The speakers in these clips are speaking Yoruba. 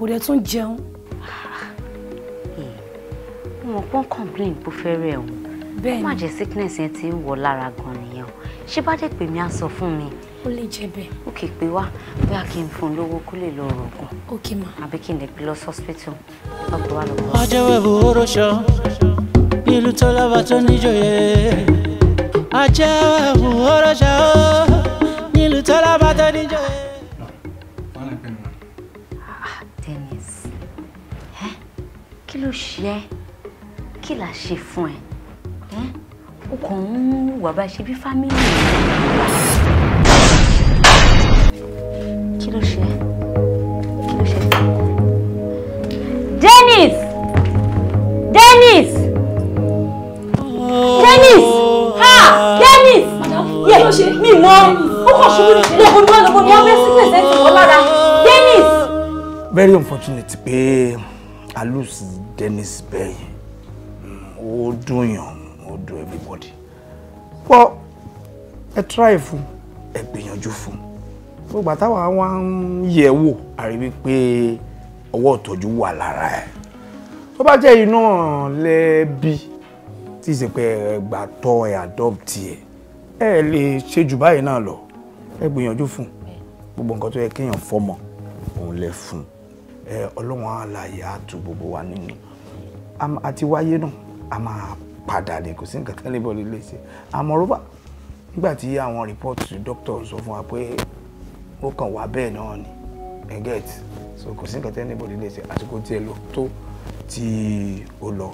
kò dẹ̀ tún jẹun. wọn pọ́n complain bó fẹ́ rẹ̀ o bẹ́ẹ̀ má jẹ́ sickness yẹn ti ń wọ̀ lára gan nìyẹn o ṣé bá dé pè mí á sọ fún mi. ó lè jẹ bẹ́ẹ̀. ó kì í pé wá bóyá kí n fún un lówó kó lè lọ rògùn. ó kì í mọ. àbí kí n lè gbé lọ hospital ọkọ̀ wa lọ́kọ̀. ajẹ́wé buhoro ṣọ ìlú tó lọ́ba tó níjòyè ajẹ́wé buhoro ṣọ ìlú tó lọ́ba tó níjòyè. ló ṣe ẹ́ kí là ṣe fún ẹ ó kàn ń wà bá ṣe bí fámílì kí ló ṣe ẹ́ kí ló ṣe fún ẹ. Dennis Dennis oh. Dennis ha Dennis yẹ mi mọ ó kàn ṣubú lọgbọdún lọgbọdún wọn bẹ sí pèsè ìwọ lára oh. Dennis. very unfortunate pé. Eh? Alus Dennis Bay. Mm, ó dùn yàn ó dùn everybody pọ a trifle. fún ẹ gbìyànjú fún gbogbo àtàwọn wa ń yẹ̀ wò àríwí pé ọwọ́ ìtọ́jú wà lára ẹ̀ tó bá jẹ́ iná lẹ́bi tí ìsìn pé ẹ gbà tọ́ ẹ adopt ẹ ẹ lè ṣe jù báyìí náà lọ ẹ gbìyànjú fún gbogbo nǹkan tó yẹ kéèyàn fọmọ òun lè fún un ọlọ́wọ́n àlàyé á tu gbogbo wa nínú àti wáyé náà a máa padà ní kò sí nǹkan kan lè bọ̀ lílé sí àmọ́ rọ́bà nígbà tí àwọn rìpọ́tù dókítà sọ fún wa pé ó kàn wá bẹ́ẹ̀ náà ni ẹ̀gẹ́t so kò sí nǹkan tẹ́ níbo lílé sí àsìkò tí ẹ lọ tó tí ó lọ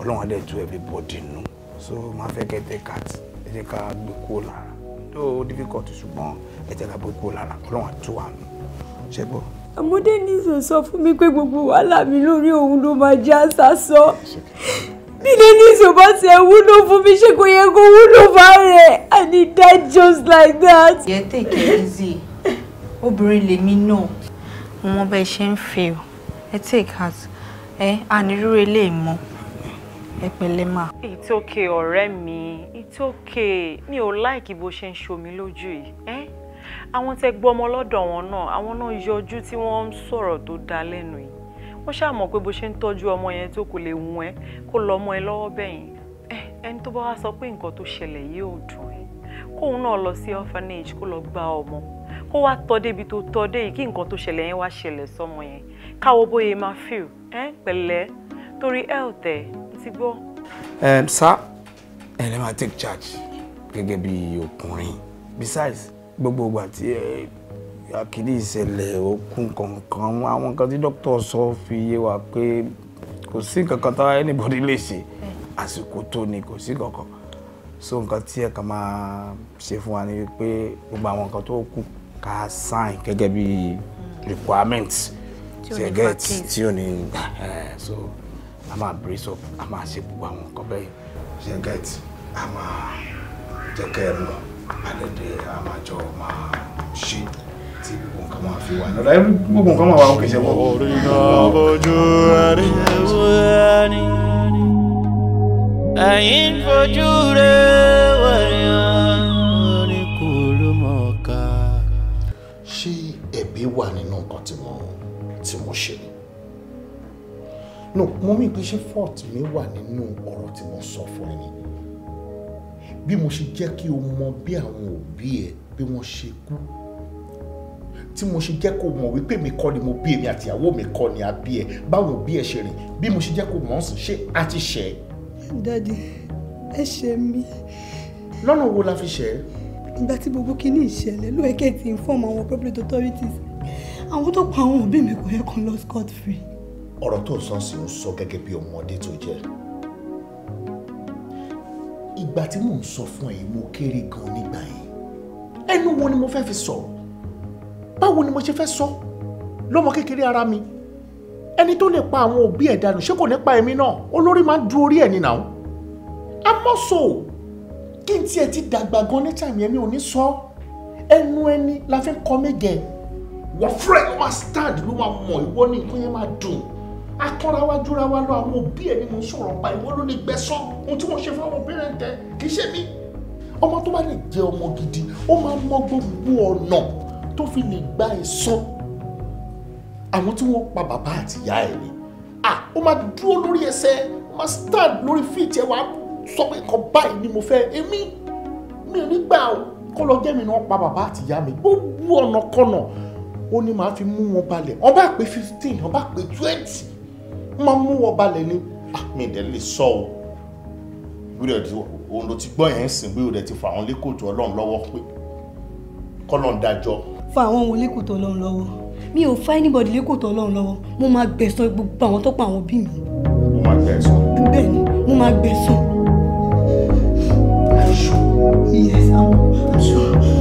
ọlọ́wọ́n dẹ̀ tu everybody nù so máa fẹ́ kẹ́tẹ́ cat ẹ jẹ́ ká gbé kúrò lára tó difficult ṣùgbọ́n ẹ jẹ́ ká gbé kúrò lára ọlọ́wọ́n á tù nù ṣẹ́gbọ́n àmọ́dé ní sọ fún mi pé gbogbo wàhálà mi lórí òun ló máa jẹ́ àṣà sọ bílé ní ìṣòbá ti ẹ wúlò fún mi ṣé kò yẹ kó wúlò bá rẹ I need that just like that. yẹ take it easy obìnrin lèmi náà mo bẹ ṣe ń feel ẹ take heart ẹ ànírú eléyìí mọ ẹ pẹ̀lẹ́ mà. it's okay ọ̀rẹ́ mi it's okay mi ò láìkí bó ṣe ń ṣomi lójú yìí àwọn tẹ gbọ́ ọmọ lọ́dọ̀ wọn náà àwọn náà yọjú tí wọ́n ń sọ̀rọ̀ tó dáa lẹ́nu yìí wọ́n ṣàmọ̀ pé bó ṣe ń tọ́jú ọmọ yẹn tó kò lè wù ẹ́ kó lọ ọmọ ẹ lọ́wọ́ bẹ́yìn eh, ẹni tó bá wá sọ pé nǹkan tó ṣẹlẹ̀ yìí ò dùn ẹ́ kóun náà lọ sí orphanage kó lọ gba ọmọ kó wá tọ́ débi tó tọ́ dé yìí kí nǹkan tó ṣẹlẹ̀ yẹn wá ṣẹlẹ̀ sọmọ yẹn káwọ́ bóyá máa feel ẹ́ pẹ̀lẹ́ torí ẹ̀ ò tẹ̀ ti gbọ́. ẹ sá ẹ lè máa take charge gẹ́gẹ́ bí ọkùnrin besides gbogbo ìgbà tí àkìrí ìṣẹ̀lẹ̀ òkun kankan àwọn nǹkan tí dókítà sọ fi yé wa pé kò sí kankan táwa anybody lè ṣe àsìkò tó ni kò sí kankan so nǹkan tí ẹ kàn máa ṣe fún wa ni pé gbogbo àwọn nǹkan tó kù ká sign gẹ́gẹ́ bí requirement tí ẹ get tí ò ní gbà eh, so a máa brace up a máa ṣe gbogbo àwọn nǹkan bẹ́ẹ̀ tí ẹ get a máa jẹ́ kẹ́ ẹ mọ̀ àdẹ̀dẹ̀ a máa ṣe tí gbogbo nǹkan máa fi wà lọ́dọ̀ gbogbo nǹkan máa wà òkè ṣẹ́wọ́. oríná bojú rẹ̀ wò ni ẹ̀yìn fojú rẹ̀ wọ̀nyàn ní kò ló ká. ṣé ẹ̀bi wà nínú nǹkan tí mo tí mo ṣe ni no mo mí pé ṣé fault mi wà nínú ọ̀rọ̀ tí mo sọ fún ni bí mo ṣe jẹ́ kí o mọ bí àwọn òbí ẹ bí wọ́n ṣe kú tí mo ṣe jẹ́ kó mọ̀ wípé mi kọ́ ni mo bí èmi àtìyàwó mi kọ́ ni a bí ẹ báwọn òbí ẹ ṣe rìn bí mo ṣe jẹ́ kó mọ̀ ọ́n sùn ṣé a ti ṣẹ̀ ẹ́. dadi ẹ ṣe mí. lọ́nà wo la fi ṣẹ̀ ẹ́. ìgbà tí gbogbo kìíní ìṣẹ̀lẹ̀ ló yẹ kí ẹ ti inform àwọn appropriate authorities àwọn tó pa àwọn òbí mi kò yẹ kàn lọ scot free. ọ̀rọ̀ tó sọ sí o sọ gẹ́gẹ́ bí ọmọdé tó jẹ́ ìgbà tí mò ń sọ fún ẹ mo kéré gan nígbà yẹn ẹnu wo ni mo fẹ́ fi sọ báwo ni mo ṣe fẹ́ sọ lọ́mọ kékeré ara mi ẹni tó lè pa àwọn òbí ẹ̀ dànù ṣé kò ní pa èmi náà olórí máa ń du orí ẹ̀ ní nàá amọ́sọ̀ kí n tiẹ̀ ti dàgbà gan ní tàmí ẹ̀mí ò ní sọ ẹnu ẹni la fi ń kọ́ méje wọ́n fúrẹ́ ló máa stand ló máa mọ̀ ìwọ ni nǹkan máa dùn akọ́rawa jura wa lọ àwọn òbí ẹ̀ ni mo sọ̀rọ̀ pa ìwọ ló lè gbẹ̀san ohun tí mo ṣe fún àwọn pẹ́rẹ́ǹtì ẹ̀ kì í ṣe mí. ọmọ tó bá lè jẹ ọmọ gidi ó máa mọ gbogbo ọ̀nà tó fi lè gba ẹ̀san àwọn tí wọ́n pa bàbá àti ìyá ẹ̀ ni ó máa dúró lórí ẹsẹ̀ ó máa stand lórí fíìtì ẹ̀ wá sọ pé nǹkan báyìí ni mo fẹ́ èmi mi ò ní gbà kọ́ lọ jẹ́ mi ni wọ́n pa bàbá àti ìyá mi gbogbo ọ̀nà kọ̀nà ó ní màá fi mú wọn balẹ̀ ó pé fifteen ó pé twenty máa mú wọ balẹ̀ ni ah, mi dẹ̀ lè sọ o wíwẹ̀ òun ló ti gbọ́ yẹn ń sìn wíwẹ̀ ti fà wọn lẹ́kọ̀ọ́jọ́ ọlọ́run lọ́wọ́ pé kọ́lọ́n dájọ́. fa àwọn òun lẹ́kọ̀ọ́tọ̀ ọlọ́run lọ́wọ́ mi ò fa anybody lẹ́kọ̀ọ́tọ̀ ọlọ́run lọ́wọ́ mo máa gbẹ̀san gbogbo àwọn tó pa àwọn òbí mi. mo máa gbẹ̀san. bẹ́ẹ̀ ni mo máa gbẹ̀san. yes, I'm sure.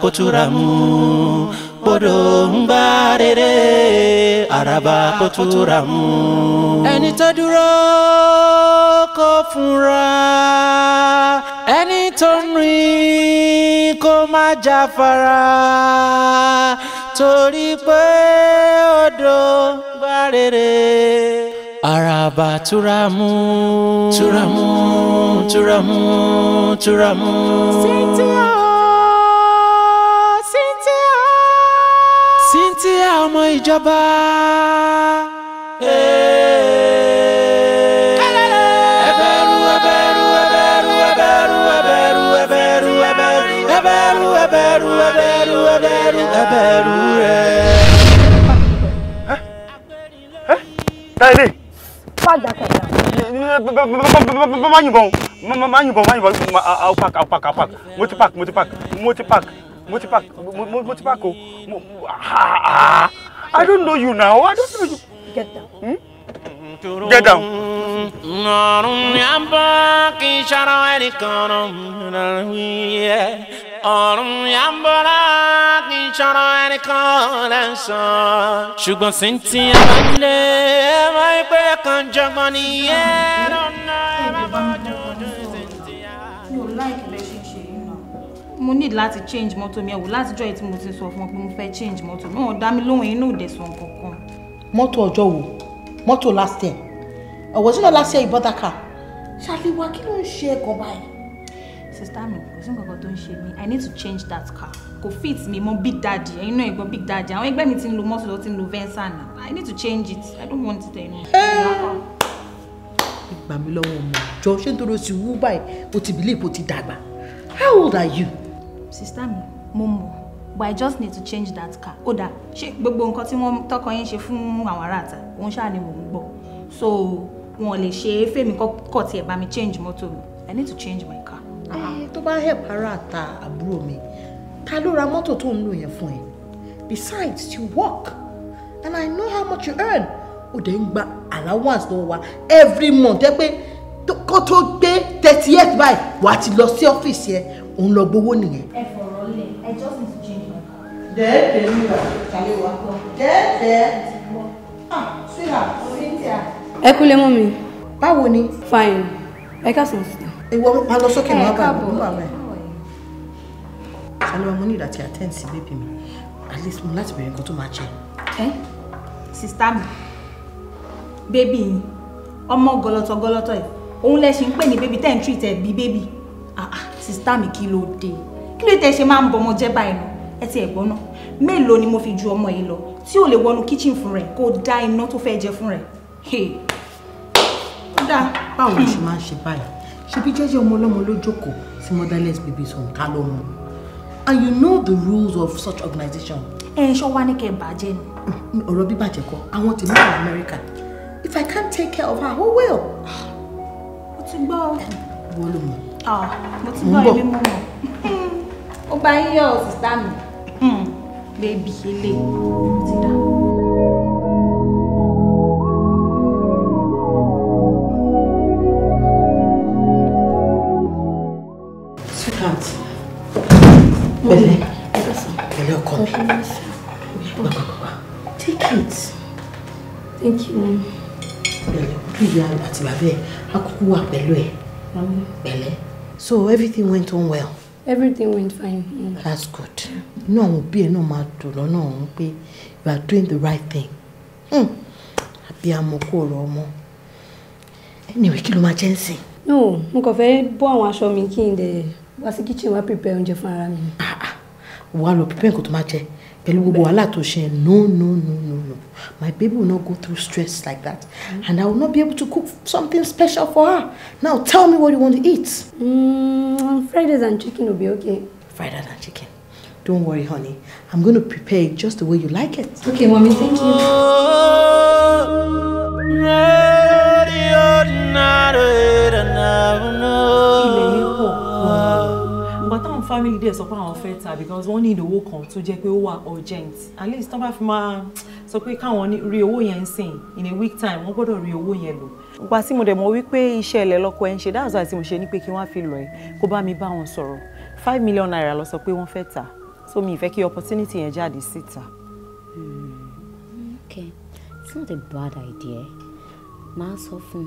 koturamu bodo ń gbá araba kuturamu. ẹni tó dúró kó fúnra ẹni tó ń rìn kó má jáfara torí pé odò gbá araba turamu turamu turamu turamu. Cynthia. tí a ò mọ ìjọba. ẹbẹ̀rù ẹbẹ̀rù ẹbẹ̀rù ẹbẹ̀rù ẹbẹ̀rù ẹbẹ̀rù ẹbẹ̀rù ẹbẹ̀rù ẹbẹ̀rù ẹbẹ̀rù ẹbẹ̀rù rẹ̀. táyé fàjà kẹjà. má yìnbọn má yìnbọn má yìnbọn àwọn pàk àwọn pàk àwọn pàk mo ti pàk mo ti pàk mo ti pàk mo pack I don't know you now I don't know you. Get down. Hmm? Get down. ọ̀run ni a ń bọ́ kí n ṣọ́rọ̀ ẹnì kan náà ọ̀run ni a ń bọ́ kí n ṣọ́rọ̀ ẹnì kan náà sọ. ṣùgbọ́n mo need láti change mọ́tò mi ẹ̀wò látijọ́ yìí tí mo ti sọ fún ọ pé mo fẹ́ change mọ́tò mi wọn dá mi lóhùn inú òde sàn kankan. mọ́tò ọjọ́ wo mọ́tò last year or was it last year you bought that car? ṣàfihàn kí ló ń ṣe ẹ̀kọ́ báyìí. sista mi kò sí nǹkan kan tó ń ṣe mí i need to change that car kò fit mi mọ big daddy ẹyin náà ẹ̀gbọ́n big daddy àwọn ẹgbẹ́ mi ti ń lo mọ́tò lọ ti ń lo venza na i need to change it i don't want it anymore. ìgbà mi lọ́wọ́ ọmọ jọ ṣé nítorí o ti wú báyìí o ti bìlíìpù o ti dàgbà how old are you? Sister, mi mo mọ̀ but i just need to change that car ó dáa ṣé gbogbo nǹkan tí wọ́n tọkọ yín ṣe fún àwọn aráàta òun ṣáà ni mò ń gbọ́ so wọn lè ṣe é fèmí kọ́kọ́ tiẹ̀ bá mi change mọ́tò mi i need to change my car. tó bá help aráàta àbúrò mi ta ló ra mọ́tò tó ń lò yẹn fún ẹ besides you work and i know how much you earn ó dẹ̀ ń gba allowance lọ́wọ́ wa every month ẹ pé kó tó gbé thirty eight báyìí wàá ti lọ sí ọ́fíìsì ẹ òun lọ gbowó nìyẹn. ẹ fọ̀rọ̀ lẹ̀ I just need to change my car. dẹ́ẹ̀dẹ́ mi wà kàlẹ́ wà kọ́ dẹ́ẹ̀dẹ́ ah sweetheart cynthia. ẹ kúlẹ̀ mọ́ mi. báwo ni. fine ẹ káàsán síta. ìwọ máa lọ sókè máa bá mi bá mi. sálẹ̀ mo ní ìdàtí attend sí bébí mi at least mo láti bẹ̀rẹ̀ nǹkan tó máa jẹ. ẹ sista mi bébí yín ọmọ gọlọtọ gọlọtọ yìí òun lẹ ṣì ń pè ní bébí tẹ́ ń treat ẹ bí bébí ah, ah sista mi kí ló dé kí ló tẹ ṣe máa ń bọmọ jẹ báyìí nù ẹ ti ẹ̀gbọ́n náà mélòó ni mo fi ju ọmọ yìí lọ tí ò lè wọnú kíchìn fún rẹ̀ kó dá iná tó fẹ́ jẹ fún rẹ̀ ó dáa. báwo ló ṣe máa ń ṣe báyìí ṣebí jẹ́jẹ́ ọmọ ọlọ́mọ ló sí motherless babies òun ká ló mú and you know the rules of such organization. ẹ ṣọ́ wá ní kẹ́ ẹ bàjẹ́ ni. Mm, ọ̀rọ̀ bíbàjẹ́ kọ́ àwọn tèmi wà Amẹ́ríkà if I can't take care of her, who will? ó ti gbọ́. wọ́n ló mọ̀. Ah, mo ti gbọ́ ẹ̀mí mọ́ mọ́ ó bá yín yọ̀ sísá mi hmm, bébì ilé ti dá. sweetheart pẹ̀lẹ́ pẹ̀lẹ́ ọkọ mi gbàgbàgbà take it thank you pẹ̀lẹ́ ojú ìyá my bàbá ẹ could wà pẹ̀lú ẹ pẹ̀lẹ́. So everything went on well. Everything went fine. Yeah. That's good. No, be òbí No, náà máa dùn you are doing the right thing. Àbí hmm. amọ̀kú ọ̀rọ̀ Romo. Anyway, kí ló máa No, mo kàn fẹ́ bọ́ àwọn aṣọ mi kí n kitchen I prepare on the farm. Ah, Wà á lọ prepare nǹkan tó máa jẹ pẹ̀lú gbogbo wàhálà tó ṣe no no no no no my baby will not go through stress like that and I will not be able to cook something special for her now tell me what you want to eat. Mm, fried and chicken will be okay. Fridays and chicken don't worry honey I'm going to prepare it just the way you like it. okay mommy thank you. Oh, family dẹ̀ sọ pé àwọn fẹ́ ta because wọ́n need owó kan tó jẹ́ pé ó wà urgent at least tán bá fi máa sọ pé káwọn rí owó yẹn ń sìn in a week time wọ́n gbọ́dọ̀ rí owó yẹn lò. ìgbà tí mo dẹ̀ mọ̀ wípé iṣẹ́ ilẹ̀ lọ́kọ ẹ̀ ń ṣe that's why tí mo ṣe ní pé kí wọ́n á fi lọ ẹ̀ kó bá mi bá wọn sọ̀rọ̀ five million naira lọ sọ pé wọ́n fẹ́ ta so mi ìfẹ́ kí opportunity yẹn jáde síta. Hmm. okay it's not a bad idea máa sọ fún un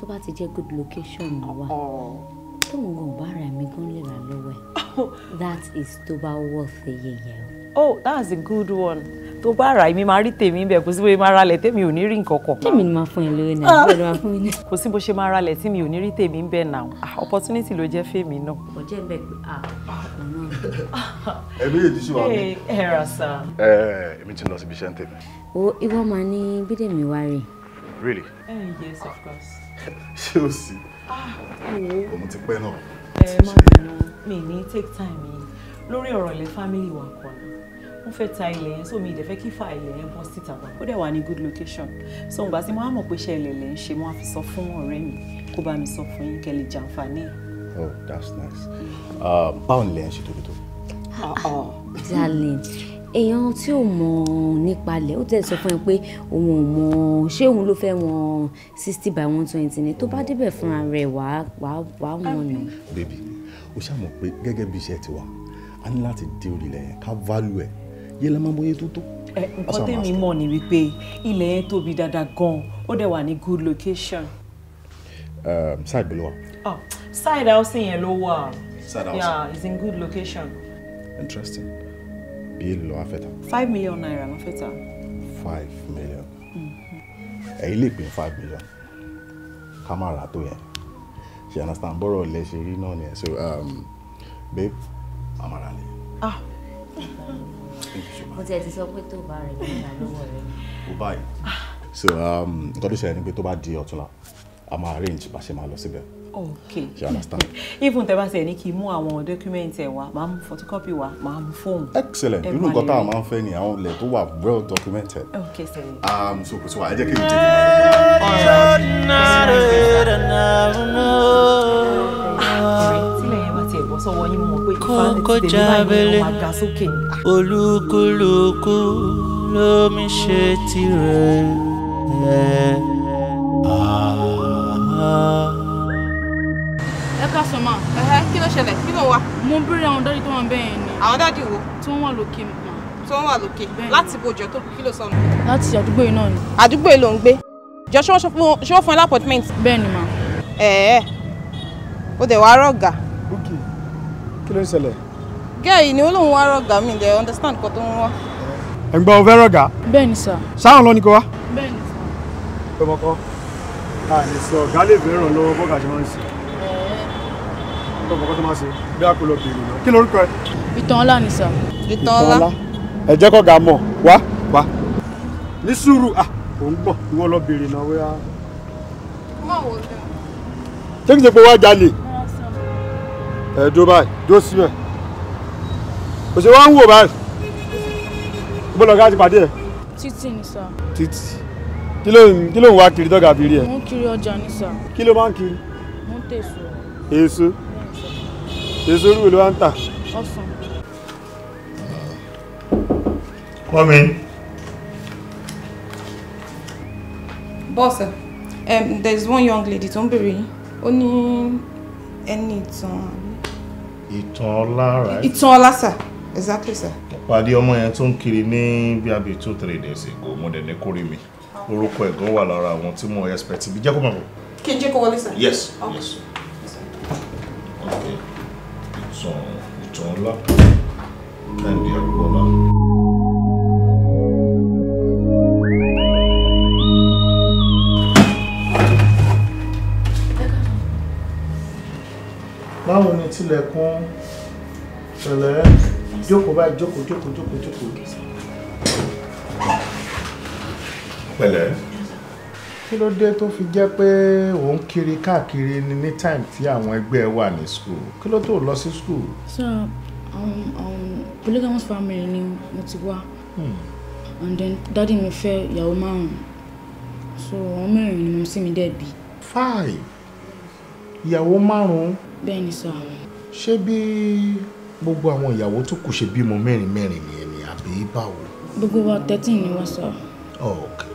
tó bá ti jẹ́ good location ni wà. Oh tóun gan bá mi gan lè rà lọ́wọ́ ẹ̀ that is tó bá worth iye yẹn o. oh that's a good one tó bá ra èmi máa rí tèmi bẹ́ẹ̀ kò sí bó ṣe máa ralẹ̀ tèmi ò ní rí nǹkan kan. tèmi ni máa fún ẹ lórí náà bẹ́ẹ̀ ni máa fún mi ní. kò sí bó ṣe máa ralẹ̀ tèmi ò ní rí tèmi bẹ́ẹ̀ náà ah, opportunity ló jẹ́ fèmí náà. ọjọ́ ìbẹ̀ pé a ah, ọ̀nà. ẹ̀mí èdè ṣì wà mí. ẹ ẹ ra sa. ẹ ẹ èmi ti lọ síbi iṣẹ́ ń tèmi. o ìwọ máa ní bídèmí wá rè. really. Uh, yes of course. ṣé o sì òun ah, ti pẹ́ náà. ẹ má bínú mi ní take time yìí lórí ọ̀rọ̀ ilẹ̀ family wa kọ́ ni mo fẹ́ ta ilẹ̀ yẹn so mi ì dẹ̀ fẹ́ kí fa ilẹ̀ yẹn bọ́ síta wa. ó dẹ̀ wà ní good location so ǹgbà tí mo á mọ̀ pé iṣẹ́ ilẹ̀ lẹ̀ ń ṣe mo á fi sọ fún ọ̀rẹ́ mi kó bá mi sọ fún yín kẹ́ lè jàǹfààní ẹ̀. oh that's nice um, báwo ni ilẹ̀ ń ṣe tóbi tó. Oh, darling èèyàn tí ò mọ̀ nípa ilẹ̀ ó tẹ̀ sọ fún ẹ pé òun ò mọ̀ ṣé òun ló fẹ́ wọn sixty by one twenty ni tó bá débẹ̀ fúnra rẹ̀ wàá wàá wàá wọn nù. bébì o ṣàmọ̀ pé gẹ́gẹ́ bí iṣẹ́ tiwa a ní láti dé orílẹ̀ yẹn ká válù ẹ̀ yé la máa bóyá tó tó. nǹkan tèmi mọ̀ ni wípé ilẹ̀ yẹn tóbi dáadáa gan-an ó dẹ̀ wà ní good location. Ehm, side bí ló wà. Ah, side house yẹn ló wà. side house yeah it's in good location. interesting bí èlò lọ́wọ́ fẹ́ ta. five million naira ló fẹ́ ta. five million mm-hmm. ẹ̀yin lè pín five million ká má ra tó yẹn ṣe understand bọ́rọ̀ lẹ ṣe rí náà nìyẹn so um, babe amara le. ah mo tiẹ̀ ti sọ pé tó bá rẹ̀ ní ìyàlówó rẹ̀. o báyìí so um, nǹkan tó ṣẹlẹ̀ ni pé tó bá di ọ̀túnla a máa arrange bá ṣe máa lọ síbẹ̀ okay you understand. even tẹ bá ṣe ní kí n mú àwọn document ẹ wá màá mú photocopy wá màá mú fóònù. excellent inú nǹkan tá a máa ń fẹ́ ni àwọn ilẹ̀ tó wà well documented. okay sir. Um, so kò sí wa ẹ jẹ́ kí n tètè máa lọ sọ́wọ́ yín mọ̀ pé ìfáàlì tèmi báyìí ló máa ga sókè ni. olúkúlùkù lómi ṣe tirẹ̀ ẹ̀ ah, àmọ́. Ah, ah sọmọ kí ló ṣẹlẹ̀ kí ló wà. mo béèrè àwọn dádì tó wà bẹ́ẹ̀ ni. àwọn dádì wo. tí wọ́n wà lókè mọ́. tí wọ́n wà lókè láti bojọ tó kí ló sọnù. láti àdúgbò yìí náà ni. àdúgbò yìí ló ń gbé jọ ṣé wọ́n fún ẹ lápọ̀tímẹ́ǹtì. bẹ́ẹ̀ ni mà. ẹ̀ẹ́ o dẹ̀ wá rọ̀gà. ok kí ló ń ṣẹlẹ̀. gẹ́ẹ̀ ni olóhùn wá rọ̀gà mi dẹ̀ understand kọ́ tó ń wá. ẹ̀ ń gbọ́ o fẹ́ rọ̀gà. bẹ́ẹ̀ ni sà. sáà ń lọ ni kò wá. bẹ́ẹ̀ tó kọ́kọ́ tó máa ṣe bí àpòlọ bèrè náà kí lorúkọ ẹ. ìtàn ọlá ni sà. ìtàn ọlá. ẹ jẹ́ kó ga mọ̀ wá wá ní sùúrù à ò ń gbọ̀n ìwọ lọ bèrè náà wíwá. mọ̀ wò lọ. ṣé kì í ṣe pé wá jalè. ẹ dúró báyìí dúró síbẹ̀ òṣè wá ń wò báyìí bó lọ ká ti pàdé ẹ. títì ni sà. títì kí ló ń kí ló ń wá kiri dọ́gà bìrì ẹ. mo ń kiri ọjà ni sà. kí ló máa ń kiri. mo ń tèso. èso èso rúwò ló wá ń tà. ọsàn. Come in. Boss, um, there's one young lady tó Only, any yín. It's ní ẹni ìtàn. Ìtàn right? sir. Exactly, sir. Pàdé ọmọ yẹn tó ń kiri ní bí abi two three days ago, mo de ne kórè mi. Orúkọ ẹ̀gán wà lára àwọn ti mo expect bi jẹ́ kó mọ̀. Kí n jẹ́ kó wọlé, sir? Yes, okay. yes. Okay ìtàn ìtàn ńlá Kẹ́hìndé Àgbọ́lá. báwo ni tilẹ̀kùn pẹ̀lẹ́ jókòó báyìí jókòó jókòó jókòó jókòó. pẹ̀lẹ́ kí ló dé tó fi jẹ́ pé ò kiri káàkiri ni ní time tí àwọn ẹgbẹ́ wà ní school kí ló tó lọ sí school. so um, um, polygamous family ni mo ti wá hmm. and then dádì mi fẹ́ ìyàwó márùn-ún so àwọn mẹ́rin ni mo sì mi dẹ̀ bí. five ìyàwó márùn-ún. bẹ́ẹ̀ni sọ àwọn. ṣé bí gbogbo àwọn ìyàwó tó kù ṣe bímọ mẹ́rin mẹ́rin nìyẹn ni àbí báwo. gbogbo wa thirteen ni wọ́n sọ. ok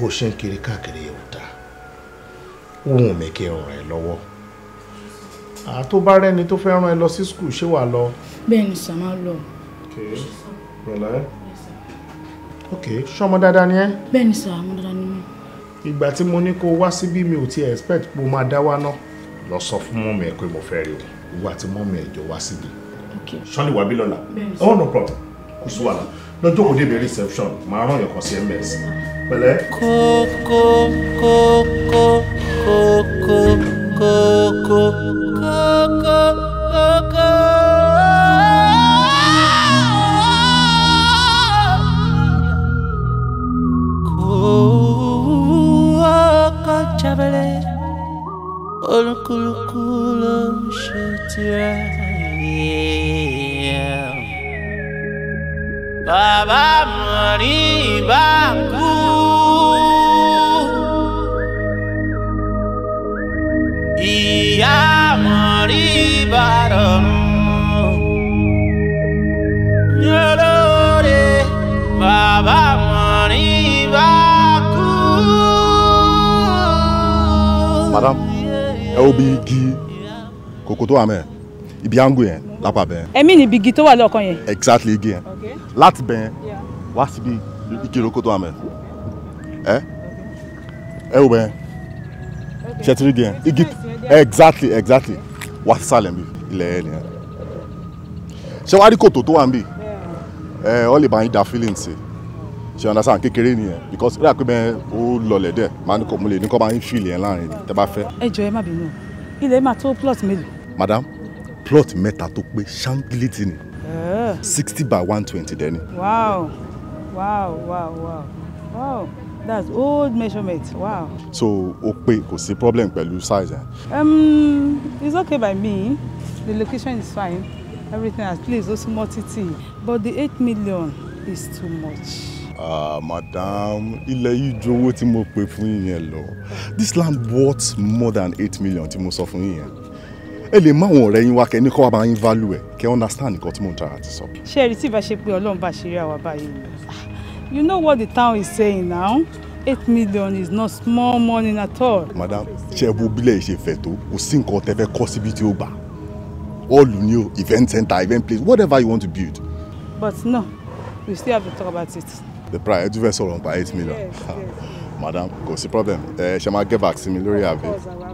bó ṣe ń kiri káàkiri yẹn ò dáa wùn mí kí n ràn ẹ́ lọ́wọ́ àtó bá rẹ́ni tó fẹ́ ràn ẹ́ lọ sí skul ṣé wàá lọ. bẹ́ẹ̀ ni sàmá lọ. ok pẹ̀lẹ́. ok ṣọmọ dáadáa ni ẹ. bẹ́ẹ̀ ni sàmá dáadáa ni mí. ìgbà tí mo ní kó wá síbí mi ò ti expect pé o máa dá wá náà lọ sọ fún mọ́mí ẹ pé mo fẹ́ rí o ìwà àti mọ́mí ẹ jọ wá síbí. ok ṣọ́ni wà bí lọ́la. bẹ́ẹ̀ ni sàmá. oh no problem kò sí wàhálà lọ́jọ́ òde mi reception màá rán yọ̀kan sí ms. pẹ̀lẹ́. kókó kókó kókó kókó kókó kókó. Traveling, all the cool, cool, shit, yeah. Baba mọ̀rí baku, iya ìyá mọ̀rí bá baba yọlọ́ọ̀rẹ́ baku. madam ẹ ó bí igi kòkó ibi ango yẹn lápá bẹ́ẹ̀. ẹ̀mí ni ibigi tó wà lọ́ọ̀kan yẹn. exactly igi yẹn láti bẹ́ẹ̀ wá síbi igi ìrókò tó wà mẹ́ ẹ ẹ wò bẹ́ẹ̀ ṣẹ́tìrì igi yẹn igi exactly exactly wá sí sàlẹ̀ mi ilẹ̀ ẹ̀ nìyẹn ṣé wàá rí kòtò tó wà ń bì ẹ ọ lè bá yín da feeling sí ṣe understand kékeré nìyẹn because rírà pé bẹ́ẹ̀ ó lọlẹ̀ díẹ̀ máa ní kò mú lè ní kò máa ń feel yẹn láàrin tẹ bá fẹ́. ẹ jọ ẹ má bínú ilé máa tó plot mélòó. madam plot mẹ́ta tó pé ṣáńgílítì ni eh. sixty by one twenty dẹ́ni. wow wow wow wow wow that's old measurement wow. so o pé kò sí problem pẹ̀lú size. Um, it's okay by me the location is fine everything at least ó small títì but the eight million is too much. Ah, madam ilẹ̀ yìí ju owó tí mo pè fún yín lọ this land worth more than eight million tí mo sọ fún yín ẹ lè mú àwọn ọ̀rẹ́ yín wá kẹ́ ní kó wá máa yín value ẹ̀ kẹ́ understand nǹkan tí mò ń tara ti sọ. ṣé ẹ rí tí ìbá pé ọlọ́run bá ṣe rí àwa báyìí you know what the town is saying now eight million is not small money at all. madam ṣe wo bílẹ̀ ṣe fẹ̀ tó kò sí nǹkan tẹ́ fẹ́ kọ́ síbi tí ó gbà all you know event center event place whatever you want to build. but no we still have to talk about it. the price ẹjú fẹ́ sọ̀rọ̀ nípa eight million madam kò sí problem ẹ ṣe máa get back sí mi lórí àbí. of course our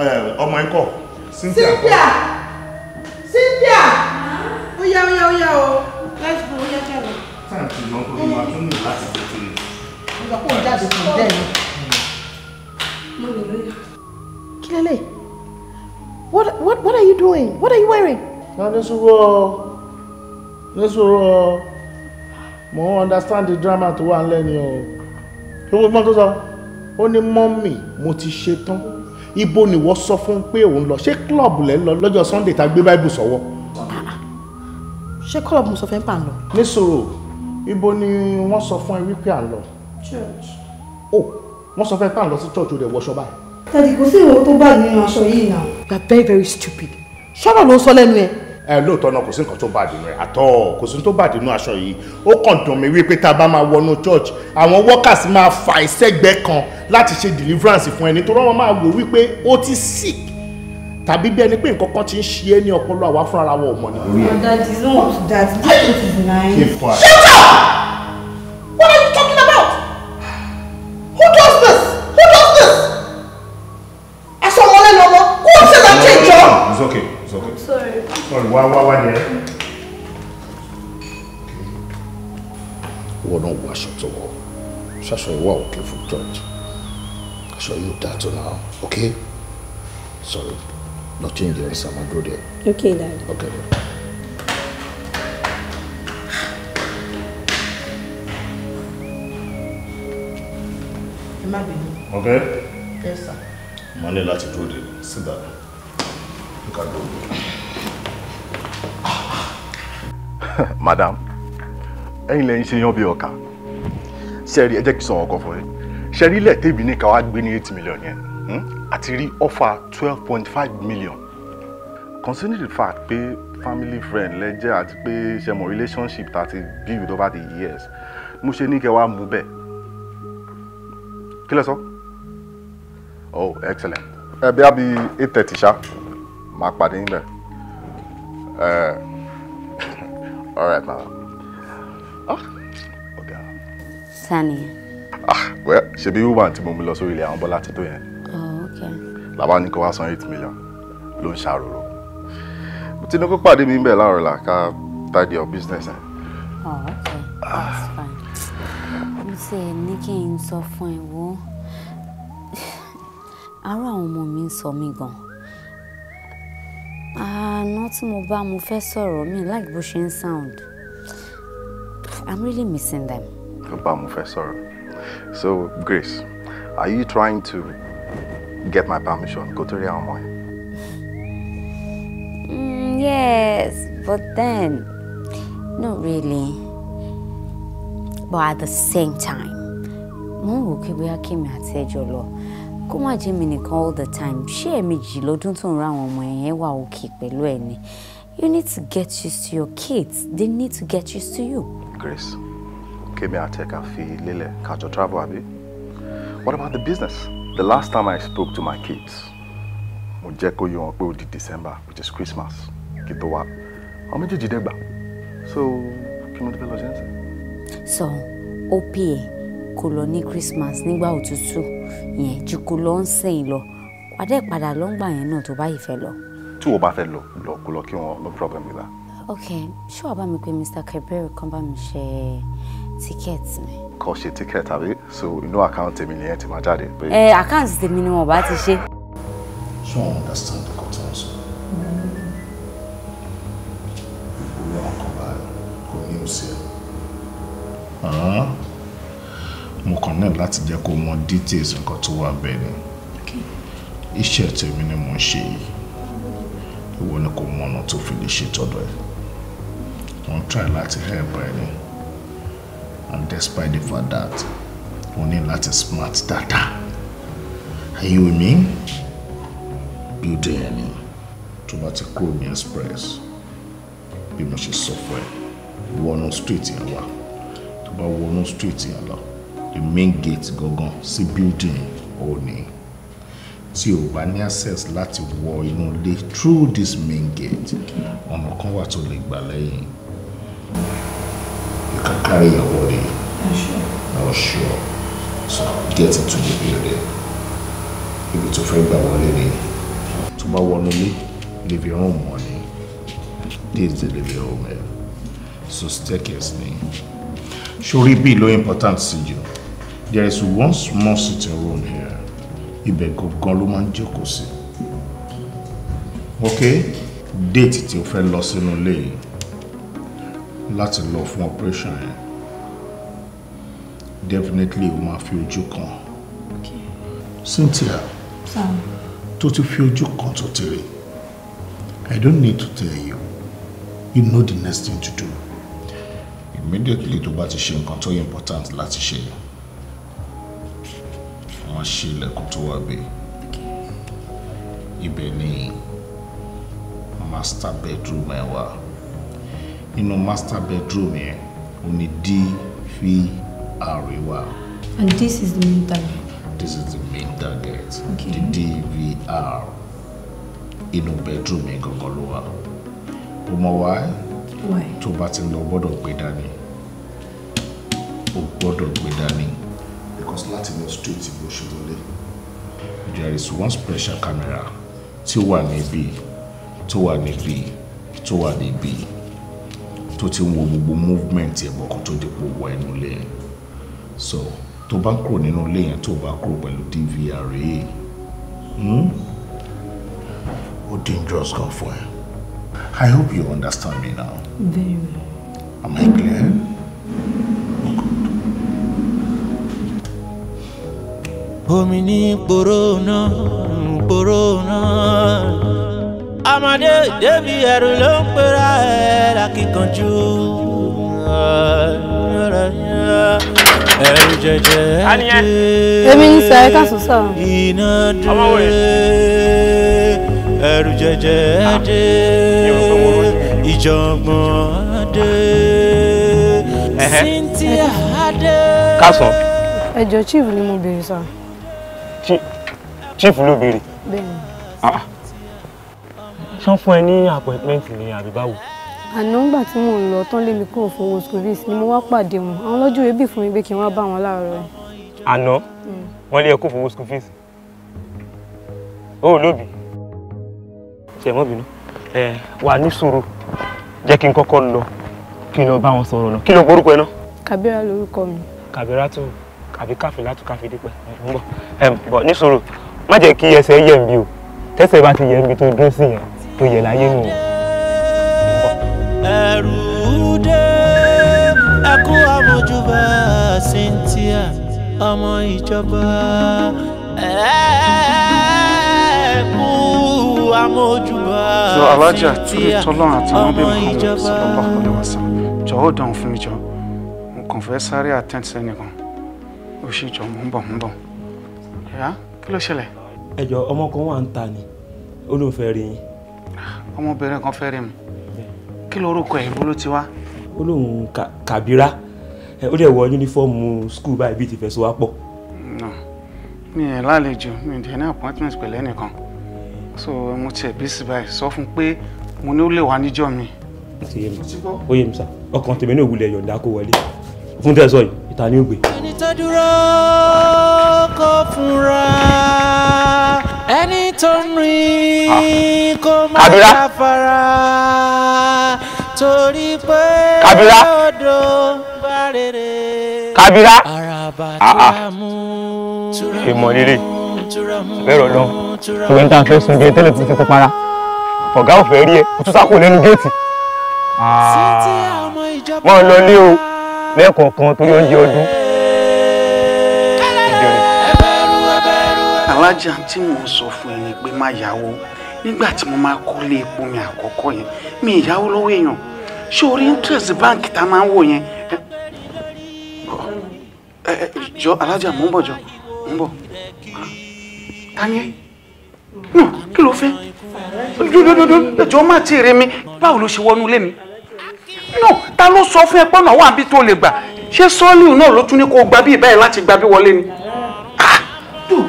Eh, ọmọ ikọ̀ Cynthia Cynthia Cynthia ó yá ó yá ó yá o let's go ó yá kẹrin. táyà tí ìlú ọkọ ìwà tún ní láti tètè. ìgbà kó jáde kò dẹ́ ẹ̀. kí lélẹ̀ what what what are you doing what are you wearing. na ní sùúrù ọ ní mo understand the drama to wà ń lẹ́ni o. ṣé o gbọ́n tó sọ ó ní mọ́mì mo ti ṣe tán ibo ni wọ́n sọ fún pé òun lọ ṣé club lẹ́ lọ lọ́jọ́ sunday tá a gbé bible sọ́wọ́. ṣé club mo sọ fẹ́ pa lọ. níṣòro ibo ni wọ́n sọ fún ẹ wípé à ń church. o wọ́n sọ fẹ́ pa lọ sí church o dẹ̀ wọṣọ báyìí. tàbí kò sí ìwọ tó bá nínú aṣọ yìí náà. you are very very stupid ṣọ́rọ̀ ló ń sọ lẹ́nu ẹ̀ ẹ lóòótọ́ náà kò sí nǹkan tó bá dùnú ẹ àtọ́ kò sí tó bá dùnú aṣọ yìí ó kàn dùn mí wípé tá a bá máa wọnú church àwọn workers máa fà ìsẹ́gbẹ́ kan láti ṣe deliverance fún ẹni tó rán wọn máa wò wípé ó ti sick tàbí bí ẹni pé nǹkan kan ti ń ṣe é ní ọpọlọ àwa fúnra wa ọmọ nìyẹn. ọ̀dà ti lóun ọ̀dà ti lóun ti dìnnà yín. ṣaṣọ ìwà òkè fún church aṣọ you dáa tó now, ok sorry nothing there. the answer ma dúró dé. ok dadi. ok dadi. ẹ má bínú. ok. yes sir. Money ní láti dúró dé sit down you can go. madam ẹ̀yin lẹ́yìn ṣe yan bí ọkà sẹ́ẹ̀rì ẹ jẹ́ kí n sọ̀rọ̀ kan fún yín sẹ́ẹ̀rì ilẹ̀ tèmi ní ká wá gbé ní eight million yẹn hmm? àti rí offer twelve point five million considering the fact pé family friend lẹ́jẹ́ àti pé ṣe mọ̀ relationship ta ti build over the years mo ṣe ní kẹ́ wá mú bẹ́ẹ̀ kí lẹ sọ oh excellent ẹ bí a eight thirty ṣá máa pàdé yín ẹ eh, all right now sá nìyẹn. ah well ṣebí woman tí mo mú lọ sórí ilẹ̀ àwọn bọ́lá ti tó yẹn. làbá oh, ní kó wá san eight million ló ń ṣàròrò tinubu pàdé mi ń bẹ̀ láàrọ̀ là ká tidy up business. Oh, okay that's fine. mo ṣe ní kí n sọ fún ẹ wo àárọ̀ àwọn ọmọ mi ń sọ mí gan àná tí mo bá mo fẹ́ sọ̀rọ̀ mi like bó ṣe ń sound I'm really missing them. Bá mo So Grace, are you trying to get my permission kó tó rí àwọn Yes, but then, not really. But at the same time, mo ń wò pé bóyá Kẹ́mi àti ẹjọ́ lọ kó má jẹ́ mi nìkan all the time ṣé ẹ̀ẹ̀mejì lọ́dún tó ń ra àwọn ọmọ yẹn wà òkè pẹ̀lú ẹ̀ ni you need to get used to your kids they need to get used to you. Grace kémi àtẹ̀ká fi lélẹ̀ kájọ travel àbí. What about the business? The last time I spoke to my kids, mo jẹ́ did December which is Christmas Kitowa. How many Àwọn méjèèjì So kí mo dé bẹ́ẹ̀ So ó pè é kó lọ ní Christmas nígbà òtútù yẹn ju kó lọ ń sìn lọ. Wàá dẹ̀ padà lọ́ngbà yẹn náà tó bá yìí fẹ́ lọ. Tí o no problem with that. Okay, ṣé about me mi pé Mr. Kabir kan Me share tickets me. Cost kò ticket, have àbí so inú àkáǹtì mi nìyẹn ti máa jáde. ẹ àkáǹtì eh, tèmi ni wọn bá ti ṣe. ṣé wọn understand the concerns. ìgboro àwọn kan bá kò ní òsì ẹ. mo kàn ní láti jẹ́ kó mọ details nǹkan tó wà bẹ́ẹ̀ ni iṣẹ́ tèmi ni mo ń ṣe yìí ìwọ ni kò mọ ọ̀nà tó fi lè ṣètọ́jú ẹ̀ mo try láti help ẹ ni and despite the fact that mo ní láti smart data are you with me building ẹni tó bá ti kúrò ní express bí mo ṣe sọ fún ẹ wọnú street yẹn wá tó bá wọnú street yẹn lọ the main gate gangan sí building ò ní tí o bá ní access láti wọ inú ilé through this main gate ọ̀nà kan wà tó lè gbà lẹ́yìn You can carry your body. I'm sure. I was sure. So get into the building. Ibi tó fẹ́ gbà wọlé ni. Tó bá wọnú ilé, living room wọ́n This is the living room here. Eh? So staircase ni. Surely be ló important sí jù. There is one small sitting room here. Ibẹ̀ gangan ló máa ń Okay? Date tí your friend lọ sínú ilé láti lọ fún operation yẹn definitely o máa fi ojú kan okay. Cynthia tó ti fi ojú kan tó ti I don't need to tell you you know the next thing to do immediately tó bá ti ṣe nǹkan tó important láti ṣe wọ́n ṣe ilẹ̀kùn tó wà bẹ́ẹ̀ ibẹ̀ ni master bedroom ẹ̀ wà. Wow inú master bedroom yẹn ò ní dvr wà. and this is the main target. this is the main target okay. the dvr inú bedroom yẹn gangan ló wà o mọ wá tó bá ti lọ gbọ́dọ̀ gbé dání o gbọ́dọ̀ gbé dání because láti lọ street bó ṣe wọlé there is one special camera tí ó wà níbí tó wà níbí tó wà níbí tó ti wo gbogbo movement ẹ̀bọ̀ kan tó dípò wọ ẹnu ilé yẹn so tó bá kúrò nínú ilé yẹn tó bá kúrò pẹ̀lú DVR hmm? ó dangerous gan fún ẹ I hope you understand me now. Very well. Am I clear? Omi ní pòrónà, pòrónà ọmọdé débi ẹ̀rù ló ń pera ẹ̀ lákìkanjú. ẹ̀rù jẹjẹ ẹ̀jẹ̀ èmi ń sọ ẹ̀ka sọ́sọ́. iná dúró ẹ̀rù jẹjẹ ẹ̀jẹ̀ ah, ìjọ̀gbọ̀n dé. Cynthia Adé. kásán. ẹjọ chief ni mo béèrè sá. chief ló béèrè. bẹ́ẹ̀ni. Ah, ṣán fún ẹ ní appointment ni àbí báwo. àná ńgbà tí mò ń lọ tán lé mi kúrò fún owó school fees ni mo wá pàdé wọn àwọn lọ́jọ́ ebí fún mi pé kí n wá bá wọn láàárọ̀. àná hmm. wọ́n lé ẹ kó fowó school fees ó lóbi ṣe mọ́ bínú ẹ wà ní sùúrù jẹ́ kí n kọ́kọ́ lọ kí n lọ bá wọn sọ̀rọ̀ náà kí ló borúkọ ẹ náà. Kabira lorúkọ mi. Kabira tó àbí káfí látú káfí dípẹ́ ń bọ̀ ẹ bọ̀ ní sùúrù má jẹ́ kí ẹsẹ̀ yẹ̀ ń o tẹ́sẹ̀ bá ti yẹ̀ ń bí tó dúró sí yẹn tó yẹ láyé nù. ẹ̀rù dé ẹkún àmójúbà Cynthia ọmọ ìjọba ẹkún àmójúbà Cynthia ọmọ ìjọba. jọ̀wọ́ dàn fún mi jọ mo kàn fẹ́ sáré àtẹ́ǹtì sẹ́nìkan ó sì jọ mò ń bọ̀ mò ń bọ̀ ẹ̀yà kí ló ṣẹlẹ̀. ẹjọ ọmọ kan wà ń ta ni olóòfẹ́ rí yín ọmọbìnrin kan fẹ́ rí mi kí lorúkọ ẹ̀ bó ló ti wá. ó lóun kàbírà ó dẹ̀ wọ yúnífọ́ọ̀mù skul báyìí bíi ti fẹ̀sọ̀ wá pọ̀. mi ẹ̀ lálejò mi ì dẹ̀ ní appointment pẹ̀lú ẹnìkan so mo tiẹ̀ bí sí báyìí sọ fún pé mo ní ó lè wá níjọ́ mi. ó yé mi sá ọkàn tèmi ní òwúlẹ̀ yọ̀ǹda kó wọlé fún tẹ̀sán yìí ìta ni ó gbé. ẹni tó dúró kó fúnra ẹni tó ń rìn ah. kó má ṣàfara torí pé odò bá rere kabira ìmọ̀ rírì bẹ́ẹ̀ lọ ṣùgbọ́n tá a fẹ́ sun bíi tẹ́lẹ̀ tuntun para ọ̀gá ò fẹ́ rí ẹ o tún sá kò lẹ́nu géètì ah. wọ́n lọ lé o lẹ́ẹ̀kọ̀ọ̀kan torí oúnjẹ ọdún. alájà tí mò ń sọ fún ẹni pé má yáwó nígbà tí mo máa kọ́lé epo mi àkọ́kọ́ yẹn mi ìyáwó lọ́wọ́ èèyàn ṣé orí interest bank tá a máa ń wò yẹn jọ alájà mò ń bọ̀ jọ mò ń bọ̀ tányé kí ló fẹ́ jọ má ti rí mi báwo ló ṣe wọnú ilé mi no ta ló sọ fún ẹ pọ́nà wà bí tó lè gbà ṣé sọ́ọ́lù náà ló tún ní kó gba bí ìbáyìí láti gba bí wọlé ni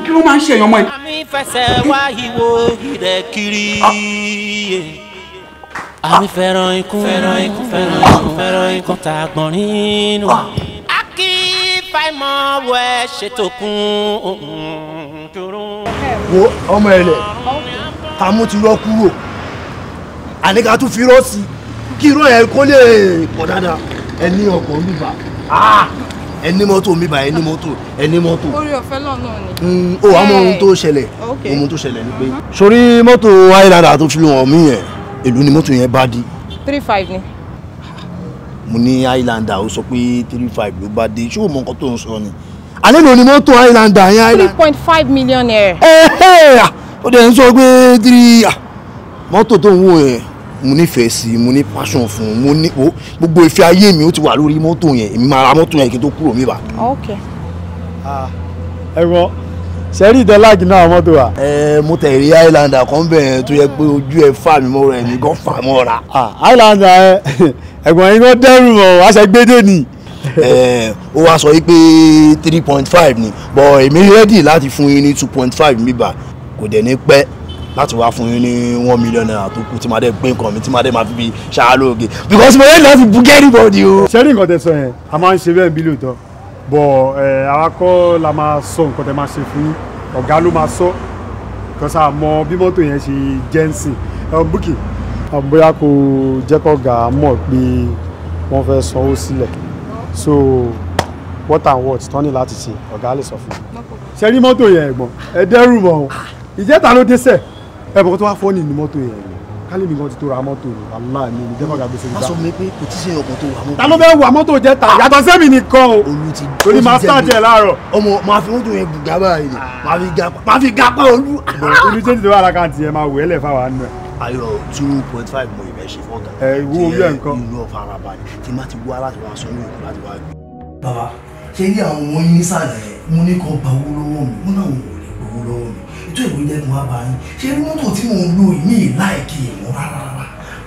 kí ló máa ń ṣe èèyàn ọmọ yìí. àmì fẹsẹ̀ wá ìwo ìrẹ̀ kiri. Ah. àmì fẹ́ràn ikú fẹ́ràn ikú fẹ́ràn ikú fẹ́ràn ikú tá a gbọ̀n nínú. Ah. a kì í fàìmọ̀ wẹ̀ ṣètò kún òun dúró. wo ọmọ ẹ lẹ tààmú ti rọ kúrò àníkà tún fi rọ sí kí irọ́ yẹn kó lè pọ̀ dáadáa ẹ ní ọkọ̀ ń bíbá ẹni mọ́tò mi bá ẹni mọ́tò ẹni mọ́tò. orí ọ̀fẹ́ lọ́nà ni. Mm, o àmọ́ ohun tó eh, ṣẹlẹ̀ ohun tó ṣẹlẹ̀ ni pé. Uh-huh. sórí mọ́tò highlander tó fi hàn mí yẹn èló ni mọ́tò yẹn bá di. three five ni. mo ní highlander ó sọ pé three five ló bá di ṣé o mọ nǹkan tó ń sọ ni alẹ́ ló ni mọ́tò highlander yẹn. three point five million naira. Eh, eh, ah, ó dẹ̀ ń sọ pé three ah, mọ́tò tó ń wò yẹn mo nífẹ̀ẹ́ sí i mo ní passion fún un mo ní o gbogbo ìfẹ́ ayé mi ó ti wà lórí mọ́tò yẹn èmi máa ra mọ́tò yẹn kí n tó kúrò mi bá. ok. ẹ̀wọ̀n sẹ́rí ìdọ́láàgì náà mọ́tò wa. ẹ mo tẹ̀ rí highlander kan bẹ̀rẹ̀ tó yẹ pé ojú ẹ fà mí mọ́ra ẹ̀mí gan fà mọ́ra. highlander ẹ ẹ̀gbọ́n yín kan dẹ́rù mọ́ aṣẹ́gbédè ni. ẹ ó wá sọ yìí pé three point five ni but èmi rẹ́dì láti fún yín ní two point five mi bá kò dẹ̀ ní pẹ́ láti wá fún yín ní one million naira tó kù tí màá dẹ̀ gbé nǹkan mi tí màá dẹ̀ máa fi fi ṣáá lóge because mo yẹn lọ fi bú everybody o. sẹ́rí nǹkan tẹ sọ yẹn a máa ń ṣe bẹ́ẹ̀ bí lóòótọ́ bọ̀ ẹ̀ àwa kọ́ la máa sọ nǹkan tẹ máa ṣe fún yín ọ̀gá ló máa sọ kọ́sà mọ bí mọ́tò yẹn ṣe jẹ́ǹsì búkì bóyá kò jẹ́ kó ga mọ̀ pé wọ́n fẹ́ sanwó sílẹ̀ so what and what tán ní láti ṣe ọ̀gá lè sọ fún mi. ṣe rí mọ́tò yẹn ẹ̀gbọ́n ẹ dẹ́rù mọ́ ah. ìjẹ́ta ló dé sẹ́ẹ̀ ẹ̀bùn tó wá fọ́ọ̀nì ní mọ́tò yẹn kálíbi kan ti tó ra mọ́tò ni aláàmì ni dẹ́gbà gbèsè nígbà. má sọ mi pé kò tí ì ṣe ọkàn tó wà mọ́. ta ló fẹ́ wà mọ́tò jẹ́ ta yàtọ̀ sẹ́mi nìkan o. olú ti jẹ́ olú máa start ẹ̀ láàárọ̀. ọmọ máa fi mọ́tò yẹn bùgá báyìí ni ah. máa fi ga máa fi ga pa olú. olú jẹ́ ti tó wà lákàntì yẹn máa wẹ̀ ẹ́ lẹ̀ fáwọn àánú ẹ̀ ayọ two point five mo ìbẹ̀ ṣe fọ́gà. ẹ wo orí ẹ nǹkan. ìlú ọ̀fà ara balẹ̀ tí má ti wá láti wá sanwó ìkú láti wá. bàbá ṣé ní àwọn ohun mo ní kó gba mi mo náà wò lè gbowó mi ọjọ́ ìwé dẹ́gun wá bá yín ṣé mọ́tò tí mo ń lò mí láìkì ìmú rárá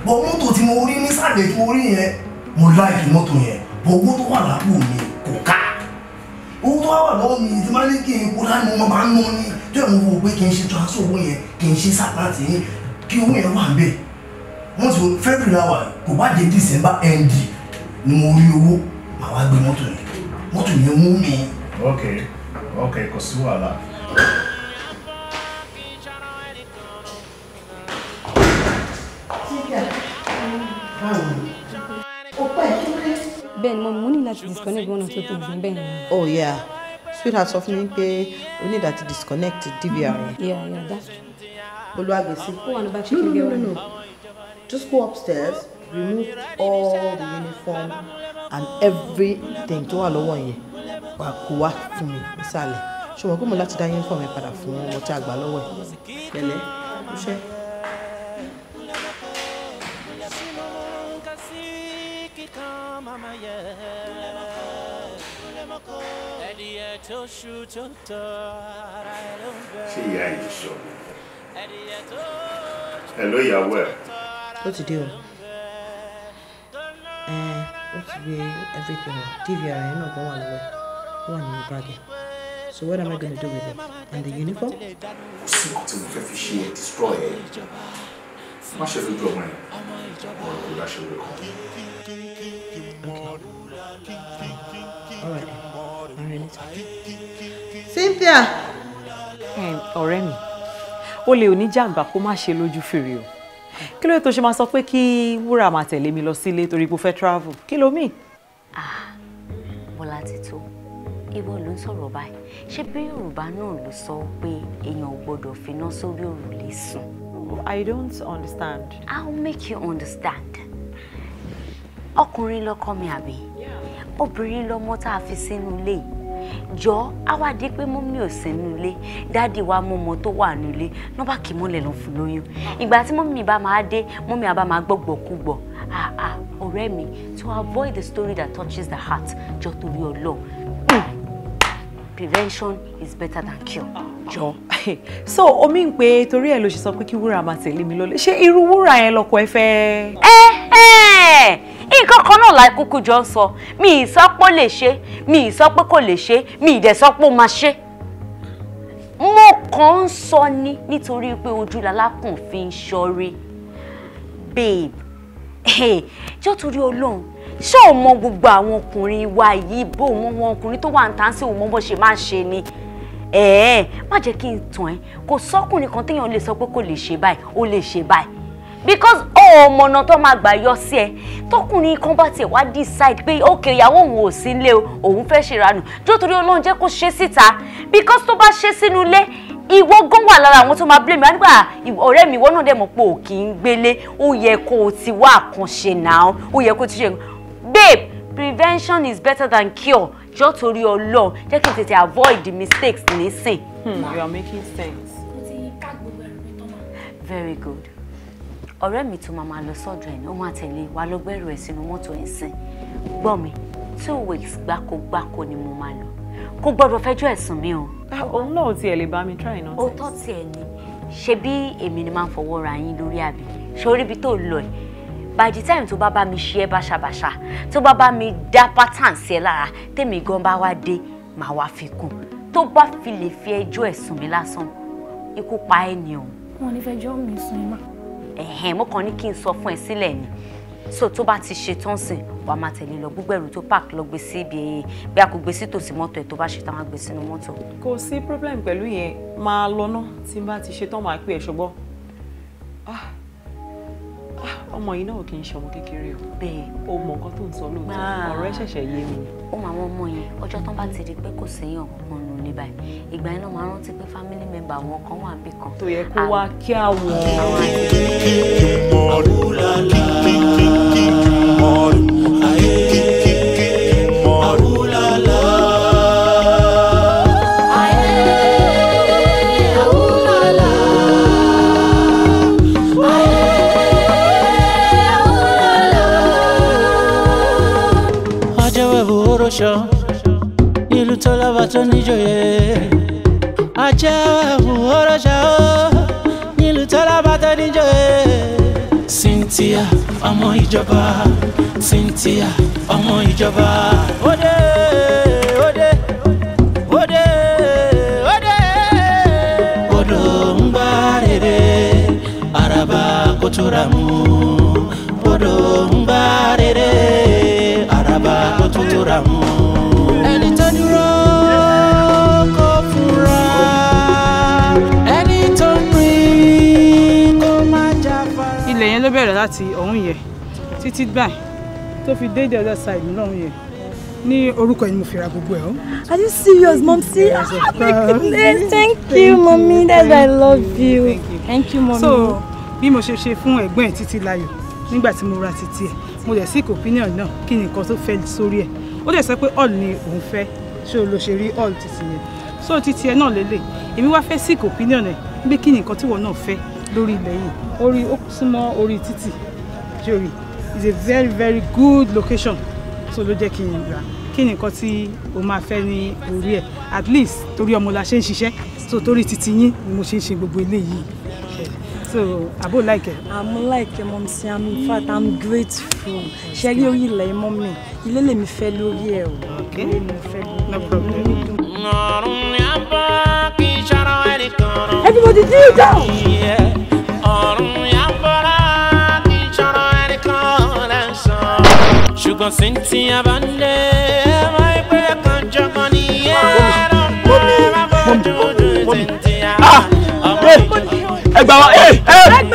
bọ́ mọ́tò tí mo rí nísàlẹ̀ tí mo rí yẹn mo láìkì mọ́tò yẹn bọ́ owó tó wà lápò mi kò ká owó tó wà lọ́wọ́ mi ti máa ní kí n kó láàánú wọn bá ń ná ní tó ẹ̀ mo wò pé kí n ṣe transfer owó yẹn kí n ṣe sàpáàtì yín kí owó yẹn wà ń bẹ̀ wọ́n ti february hour kò bá dé december end ni mo rí owó màá wá gbé mọ́tò yẹn mọ́tò yẹn mú mi. ok ok kò sí wàhálà. bẹ́ẹ̀ ni mo mú ní disconnect one or two things níbẹ̀ oh yeah sweetheart sọ fún mi pé o need to disconnect dvr. yeah yeah that's true. olùwàgbèsì no no no no just go upstairs remove all the uniform and everything tó wà lọ́wọ́ yẹn wà kó wá fún mi nísàlẹ̀ ṣùgbọ́n kó mo láti dá uniform yẹn padà fún ọmọ tí a gbà lọ́wọ́ ẹ̀ pẹ̀lẹ́ ṣe. Hello, you eh, are ẹ ló yàwó ẹ. ó ti dé o ó ti everything o tv ara ẹ náà gan wà lọ́wọ́ wà nínú so what am i gonna do with it and the uniform. kò sí nǹkan tí mo destroy it. Much ṣe lójú ọmọ ẹ ọ̀rọ̀ we láṣẹ actually kan. kíá. ọ̀rẹ́ mi olè ò ní jàǹbá kó má ṣe lójú fèrè o kí ló yẹ tó ṣe máa sọ pé kí wúrà máa tẹ̀lé mi lọ sílé torí pé ó fẹ́ travel kí ló mì. bọ́lá ti tó ìwọ ló ń sọ̀rọ̀ báyìí ṣé bí yorùbá náà ló sọ pé èèyàn ò gbọ́dọ̀ finá sórí òrùlé sùn. I don't understand. I'll make you understand. ọkùnrin lọkọ mi àbí obìnrin lọmọ tá a fi sínú ilé yìí jọ á wá dé pé mọ́mí ò sí ilé dáàdì wa mú ọmọ tó wà nínú ilé nọ́bà kì í mọ́lẹ̀ lọ fún lóyún ìgbà tí mọ́mí bá máa dé mọ́mí àbá máa gbọ́gbọ́ kú gbọ́ ah ah ọ̀rẹ́ mi to avoid the story that touches the heart jọ torí ọlọ́ọ̀ prevention is better than cure. jọ so omi ń pe torí ẹ ló ṣe sọ pé kí wúrà máa tẹ̀lé mi lọ́lẹ̀ ṣé irú wúrà yẹn lọkọ ẹ fẹ́. ẹ ẹ nǹkan kan náà láì kúkú jọ ń sọ mi ì sọ pé ó lè ṣe mi ì sọ pé kò lè ṣe mi ì dẹ̀ sọ pé ó máa ṣe mo kàn ń sọ ni nítorí pé ojú lalákùn fi ń ṣọrí babe jọ́ torí ọlọ́run ṣé ò mọ gbogbo àwọn ọkùnrin wa yìí bó mọ wọn ọkùnrin tó wà ń tán sí òun mọ bó ṣe máa ń ṣe ni má jẹ́ kí n tàn ẹ́ kò sọ́kùnrin kan téèyàn lè sọ pé kò lè ṣe báyìí ó lè ṣe báyìí because oh, ọmọọ̀nà tó máa gbà yọ sí ẹ tọkùnrin kan bá tiẹ̀ wá decide pé ok ìyàwó òun ò sí nílé o òun fẹ́ ṣe ìranù jó torí Ọlọ́run jẹ́ kó ṣe síta because tó bá ṣe sínú ilé ìwọ gan wà lára àwọn tó máa blame mi nígbà ọ̀rẹ́ mi ìwọ náà dẹ̀ mọ̀ pé ò kì í gbélé ó yẹ ti wá àkànṣe náà ó yẹ kó o ti ṣe babe prevention is better than cure jọ torí Ọlọ́run jẹ́ kí n avoid the mistakes nísìn. Hmm, you are making sense. very good ọ̀rẹ́ mi tó máa máa lọ sọ́dọ̀ ẹ̀ ní ó máa tẹ̀lé wa ló gbẹ́rù ẹ̀ sínú mọ́tò ẹ̀ sìn gbọ́ mi two weeks gbákogbáko ni mo máa lọ kò gbọ́dọ̀ fẹjọ́ ẹ̀sùn mi o. Ah, òun náà ò tiẹ̀ lè bá mi try nonsense. ó tọ́ tiẹ̀ ni ṣe bí èmi ni máa ń fọwọ́ ra yín lórí àbí ṣorí ibi tó lọ ẹ̀ by the time tó bá bá mi ṣe é báṣabàṣa tó bá bá mi dá pattern sí ẹ lára tèmi gan bá wá dé màá wá fi kún tó bá fi lè fi ẹjọ́ ẹ̀sùn mi lásán ikú pa ẹ́ ni o. wọn ò ní fẹjọ́ mi sùn ẹ máa ẹ̀hẹ̀n mo kàn ní kí n sọ fún ẹ sílẹ̀ ni so tó bá ti ṣe tán sìn wàá máa tẹ̀lé lọ gbogbo ẹrù tó park lọ gbé sí ibi bí a kò gbé sí tòsí mọ́tò ẹ̀ tó bá ṣe tán máa gbé sínú mọ́tò. kò sí problem pẹ̀lú yẹn máa lọ́nà tí n bá ti ṣe tán máa pè ẹ́ ṣùgbọ́n ah, ah, ọmọ yìí náà kì í ṣe ọmọ kékeré o. bẹ́ẹ̀ o mọ nǹkan tó ń sọ lóòótọ́ ah. ọ̀rọ̀ ṣẹ̀ṣẹ̀ yé mi. ó mọ àwọn ọmọ yẹn ọjọ́ tán bá ti di pé kò séyàn wọlé báyìí ìgbà iná máa rántí pé family member àwọn kan wà bí kan. tó yẹ kó wá kí àwọn. àwùlàlà ayé. show tola bato tó níjòyè ajẹ́ ẹ̀bùn ọlọ́jà ó nílùú tó lọ́ba tó níjòyè. Cynthia ọmọ ìjọba Cynthia ọmọ ìjọba. ó dé. kuturamu Odo mbarere araba kututuramu bẹ̀rẹ̀ láti ọ̀hún yẹn títí gbà tó fi dé the other side lọ́hún yẹn ní orúkọ yìí mo fi ra gbogbo ẹ o. are you serious Mom? yes, oh my goodness thank you mommy that's why i love you thank you mommy. so bí mo ṣe ṣe fún ẹ̀gbọ́n ẹ̀ títí láyọ̀ nígbà tí mo ra títí ẹ̀ mo dẹ̀ sí opinion náà kí ni nǹkan tó fẹ́ sórí ẹ̀ ó dẹ̀ sọ pé all ni òun fẹ́ ṣé o lo ṣe rí all títí yẹn so títí ẹ náà lélẹ̀ èmi wá fẹ́ sí opinion ẹ̀ bí kí ni nǹkan tí wọ́n náà fẹ́ lórí ilẹ̀ yìí orí ó súnmọ́ orí títì jòrì is a very very good location so ló jẹ́ kí n gbà kí ni nǹkan tí o máa fẹ́ ní orí ẹ̀ at least torí ọmọ la ṣe ń ṣiṣẹ́ so torí títí yín ni mo ṣe ń ṣe gbogbo eléyìí so abo like ẹ. àmú like ẹ mi sí i'm fat. i'm grateful ṣe rí orí ilẹ̀ mọ́ mi ilé lèmi fẹ́ lórí ẹ̀ o ilé mi fẹ́ lórí ẹ̀ mi dùn. everybody kneel down. Yeah. kan sí ti abáńdé ẹ̀rọ ìpẹ́ kan jọkan ní ẹ̀rọ mọ́ ẹ̀rọ bọ́jú ojú ti ti àbá ọmọ ìjọba. ẹgbàá wa ẹ ẹ.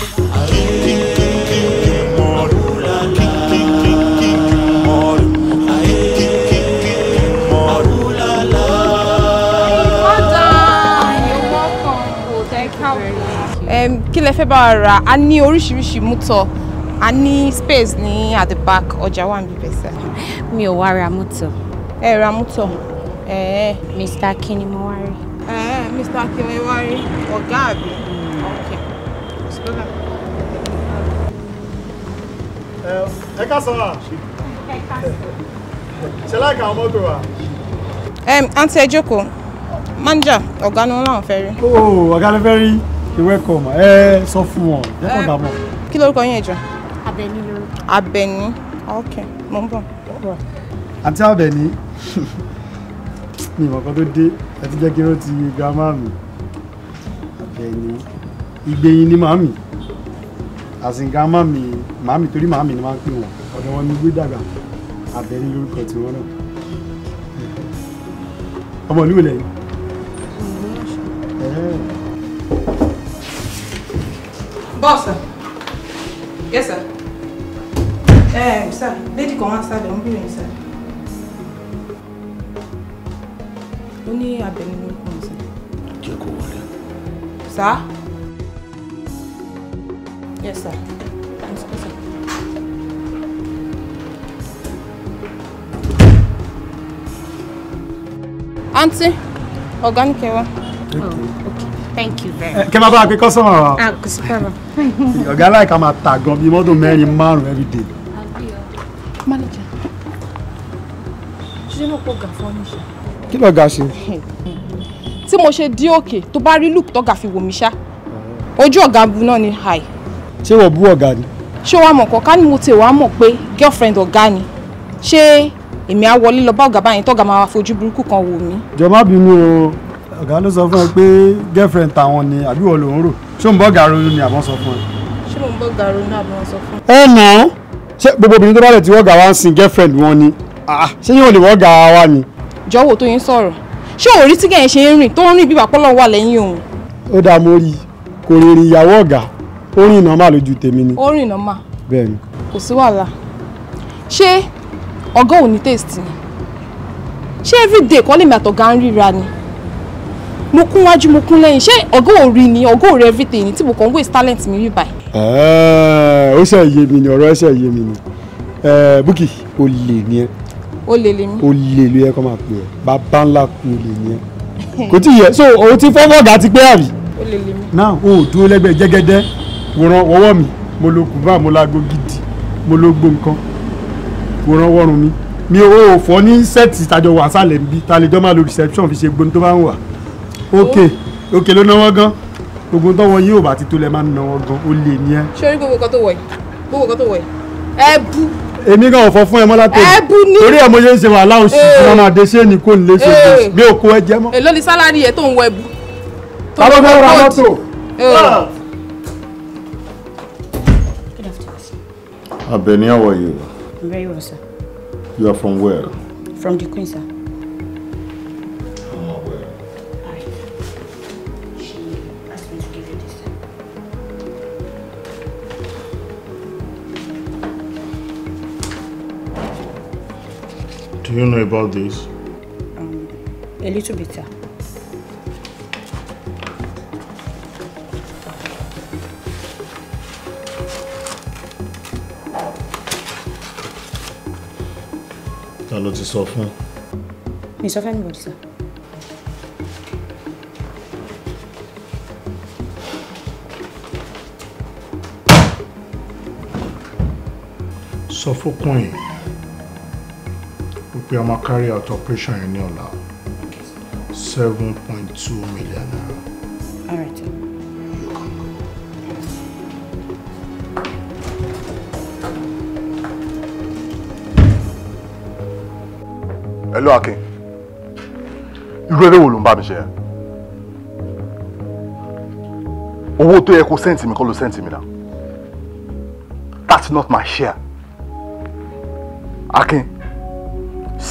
kí lẹ fẹ́ bá wa rà á ní oríṣiríṣi mọ́tò a ní space ní at the back ọjà wà níbi bẹ́sẹ̀. mi ò wá ra mọ́tò. ẹ ra mọ́tò. mr akin ni mo wá rí. mr akin ni wá rí ọ̀gá àbí. ẹ ká sọ wa ṣe láìka àwọn mọ́tò wa. àǹtí ẹ jókòó manager ọ̀gá ni wọ́n láwọn fẹ́ rí. Oh, ọ̀gá ló fẹ́ rí you welcome ẹ sọ fún wọn ẹ kàn dà mọ́. kí lorúkọ yín ẹjọ. Abẹ́ní lorúkọ. Abẹ́ní ok mo ń bọ̀. àǹtí Abẹ́ní mi ìmọ̀ kan tó dé ẹ ti jẹ́ kí ló ti grandma mi Abẹ́ní ìgbẹ̀yìn ni màmí àsìnká màmí màmí torí màmí ni máa ń pè wọ́n ọ̀dọ̀ wọn ni gbé dàgbà Abẹ́ní lorúkọ tiwọn náà ọmọ ìlú ìlẹ̀ yìí. lady kan wá sálẹ̀ ń bèrè sá ó ní abẹ nínú ikùn sá. jẹ́ kó wọlé. sá. yes sir. aunty ọ̀gá ní kẹwàá. Oh, Thank you very much. Eh, Kẹ́ máa bá a pé kọ́sọ̀mọ̀. Àgùsí pẹ̀lú. Ọ̀gá aláìka máa tà gan bíi mọ́tò mẹ́rin márùn-ún every day. ṣe mọ̀ pọ̀ gàfọ́ ní ṣá. kí ló ga ṣe. tí mo ṣe dí òkè tó bá rí luke tọ́gà fi wò mí ṣá ojú ọ̀gá bu náà ni hi. ṣé wọ́n bú ọ̀gá ni. ṣé wàá mọ̀ kọ́ ká mo tè wàá mọ̀ pé girlfriend ọ̀gá ni ṣé èmi á wọlé lọ bá ọ̀gá báyìí tọ́gà máa fojú burúkú kan wò mí. jọ̀ọ́ bínú o ọ̀gá ló sọ fún ẹ pé girlfriend tàwọn ni àbí wọ́n lòún rò ṣé òun bọ́ gàrú ni àbọ̀ sọ fún ẹ. ṣé òun bọ́ gàrú ni àbọ̀ sọ fún ẹ. ẹ nà ṣé gbogbo obìnrin tó bá lẹ̀ tí wọ́n wá ń sin girlfriend wọn ni Ah, ṣé yóò lè wọ́ ga wa mi. jọ̀wọ́ tó yín sọ̀rọ̀ ṣé òun rí tíkẹ́ yẹn ṣe ń rìn tó ń rìn bí bàpọ́lọ̀ wà lẹ́yìn òun. ó dáa mo rí i kò lè rí ìyàwó ọ̀gá ó rìn nọ́mà lójú tèmi ni. ó rìn nọ́mà. bẹ́ẹ̀ ni. kò sí wàhálà ṣé ọ̀gá ò ní taste ni ṣé everyday kọ́ lèmi àtọ̀gá ń ríra ni mo kún wájú mo kún lẹ́yìn ṣé ọ̀gá ò ni ọ̀gá ò rí everything ni tí mo kàn ń waste talent mi rí báyìí. ó ṣe yé mi ni ọ̀rọ̀ ẹ ṣe yé mi ni Bukky o lè ẹ olè lèmi. olè ló yẹ kó máa pè ẹ́ bàbá ńlá kú olè ni ẹ́ kò tí ì yẹ so òun ti fọ́ fọ́ọ̀gà ti pé àrí. olè lèmi. náà o ò dúró lẹ́gbẹ̀ẹ́ jẹ́gẹ́dẹ́ wòran ọwọ́ mi mo lo kùbá mo la go gidi mo lo gbó nǹkan wòran wọ́run mi mi ò fọ́ ní sẹ́ẹ̀tì tàjọ wà sálẹ̀ níbi tàlejò máa lo reception fi ṣe gbóni tó bá ń wà. ok ok ló náwó gan gbogbo tọwọ yìí ò bá ti tó lẹ máa ń náwó gan olè ni ẹ. ṣé orí gbogbo kan tó wọ̀ yìí gbogbo kan tó wọ̀ yìí ẹ bú èmi kan ò fún ẹ mọ́ látọ̀ torí ẹ mo ṣe ń ṣe wàhálà oṣù tí máa dé ṣé ni kò ní lè ṣe bí o ẹ jẹ mọ́. èló ni sálárì ẹ tó ń wọ ẹbù. ta fẹ́ ra mọ́tò. Abeni, how are you? I'm very well, sir. You are from where? From the Queen, sir. Do you know about this? Um, a little bit, sir. Ta ló ti sọ fún? anybody, sir. Sọ fún pé a máa carry out operation yẹn ní ọ̀la seven point two million naira. All right. Hello Akin. Irú eré wo ló ń bá mi ṣe yẹn? owó tó yẹ kó sẹ́ǹtì mi kọ́ ló sẹ́ǹtì mi náà that's not my share Akin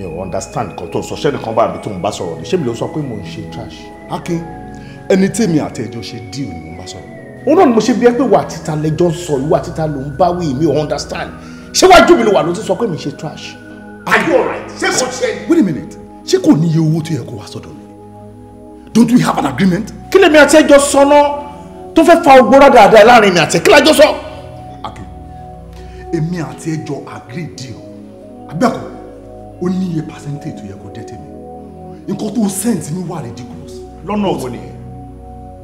mi ò understand kan tó sọ ṣé nìkan bá mi tó ń bá sọ̀rọ̀ ni ṣé mi ló sọ pé mo ń ṣe trash. akin ẹni tèmi àti ẹjọ ṣe díò ni mo bá sọ̀rọ̀. òun náà ni mo ṣe bí ẹ pé wà títa lẹjọ sọ ìwà títa ló ń bá wí mi ò understand ṣé wájú mi ló wà ló ti sọ pé mi ṣe trash. are you alright ṣé kò ṣe. wait a minute ṣé kò ní iye owó tó yẹ kó wá sọ́dọ̀ mi don't we have an agreement. kí lèmi àti ẹjọ sọ náà tó fẹ́ fa ogbó rádaràda láàrin mi àti kí lájọ sọ. akin èmi deal ó ní iye percentage tó yẹ kó dé tèmi nǹkan tó send mi wà ridiculous. lọ́nà òwò ni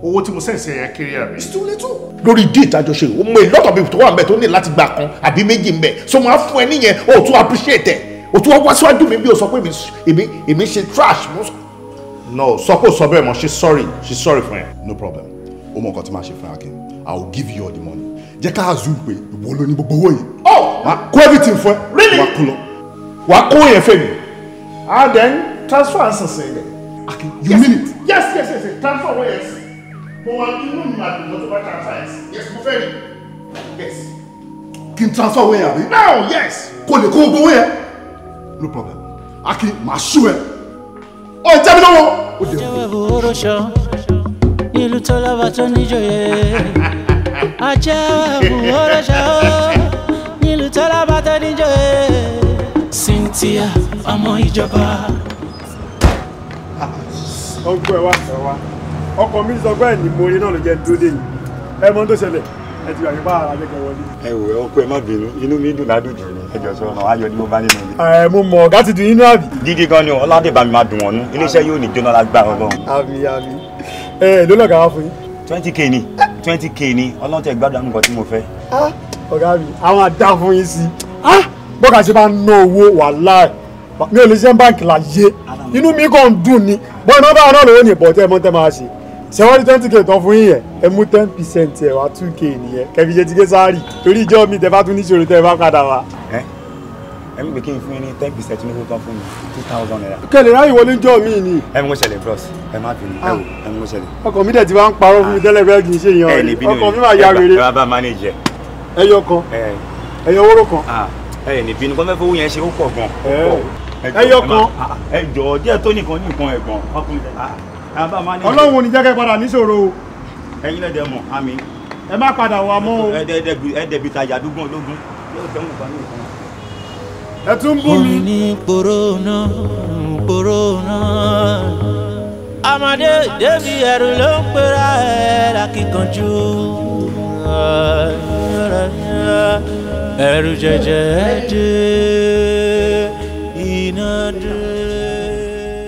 owó tí mo send sí ẹ̀yà kiri àbí. it's too little. lórí déètì àjọṣe o mọ ìlọ́tọ̀ bíi tó wà ń bẹ tó ní láti gbà kan àbí méjì ń bẹ so máa fún ẹ níyẹn o tún appreciate ẹ o tún wá síwájú mi bí o sọ pé èmi èmi ṣe trash mo sọ no sọ pé o sọ bẹ́ẹ̀ mọ́ she's sorry she's sorry fún ẹ. no problem o mọ nǹkan tí màá ṣe fún akin i will give you all the money jẹ́ ká zoom pé ìwọ ló ní gbogbo owó yìí. ọ oh! ma kó everything fún ẹ. really wa kú lọ wàá kó yẹn fẹ́ mi. ah then transfer nsinsin dẹ. akin you yes. mean it. yes yes yes transfer wey oh, yes mo wà inú mi àti mo tó bá transfer yes yes mo fẹ́ mi yes. kí n transfer wey yẹn àbí. now yes. kò lè kó o gbowó yẹn. no problem akin màá sú ẹ ọ jẹ́ mi lọ́wọ́. ó dẹ̀ wọ́n ìlú tó lọ́ba tó níjòyè ajá wà bù ọ́rọ̀ ṣá ó. Fatia ọmọ ìjọba. ọgbọ́n ẹ wá ẹ wá ọkọ mi sọ pé ẹni mo rí náà ló jẹ́ dúró dé yìí ẹ mọ tó ṣẹlẹ̀ ẹ ti gbàgbé bára lẹ́kẹ̀ẹ́ wọlé. ẹ wò ẹ ọkọ ẹ má bínú inú mi dùn ládùn jù ni ẹ jọ sọ ọ̀nà ayọ̀ ni mo bá nínú mi. ẹ mo mọ ọgá ti dùn inú àbí. gidi gan ni ọládébà mi máa dùn wọn nú iléeṣẹ́ yóò ní jóná lágbára Ọlọ́run. àmì àmì ẹ ẹ ló lọgàá wá fún yín. twenty k ni twenty k ni Ọlọ́run tẹ gbádùn àmì kan tí mo fẹ́. Ah, ọ̀gá mi àwọn àdá fún yín sí ah! bọ́kà ṣe bá ná owó wàhálà mi ò lè ṣe báńkì láyé inú mi kàn dùn ni bọ́ọ̀ náà báwọn náà lówó ní ìbọ̀ tẹ́ ẹ mọ́ tẹ́ máa ṣe sẹ́wọ́n ní twenty k tán fún yín ẹ mú ten percent ẹ̀ wá two k nìyẹn kẹfì ṣe ti gé sáárì torí ìjọ mi tẹ bá tún níṣòro tẹ bá padà wá. ẹ ẹ mi fún yín ní ten percent ní owó tán fún mi two thousand naira. kẹlẹ ráyè wọlé jọ mi ni. ẹ mú ṣẹlẹ̀ bros ẹ má bínú ẹ ah. wò ẹ mú ṣẹlẹ̀. ọkọ mi dẹ̀ ti máa ń parọ́ fún mi ah. tẹ́lẹ̀ bẹ́ẹ̀ kì í ṣe yan ọkọ mi máa ya rere. ẹ yọ kan ẹ yọ wóró kan. Ah ẹ ní bínú kọ́ fẹ́ fowó yẹn ṣe ó pọ̀ gan. ẹyọ kan ẹjọ díẹ̀ tó nìkan ní nǹkan ẹ̀gbọ́n ah, ọlọ́run ò ní jẹ́ kẹ́ padà níṣòro o. lẹ́dẹ̀ mọ̀ àmì. ẹ má padà wà mọ́ o. ẹ̀ẹ́dẹ̀bi tajà dúgbọ́n ológun ẹ tún bú mi. òun ní kòrónà kòrónà ọmọdé débi ẹrù ló ń pera ẹ lákìkanjú er jẹjẹde iná dé.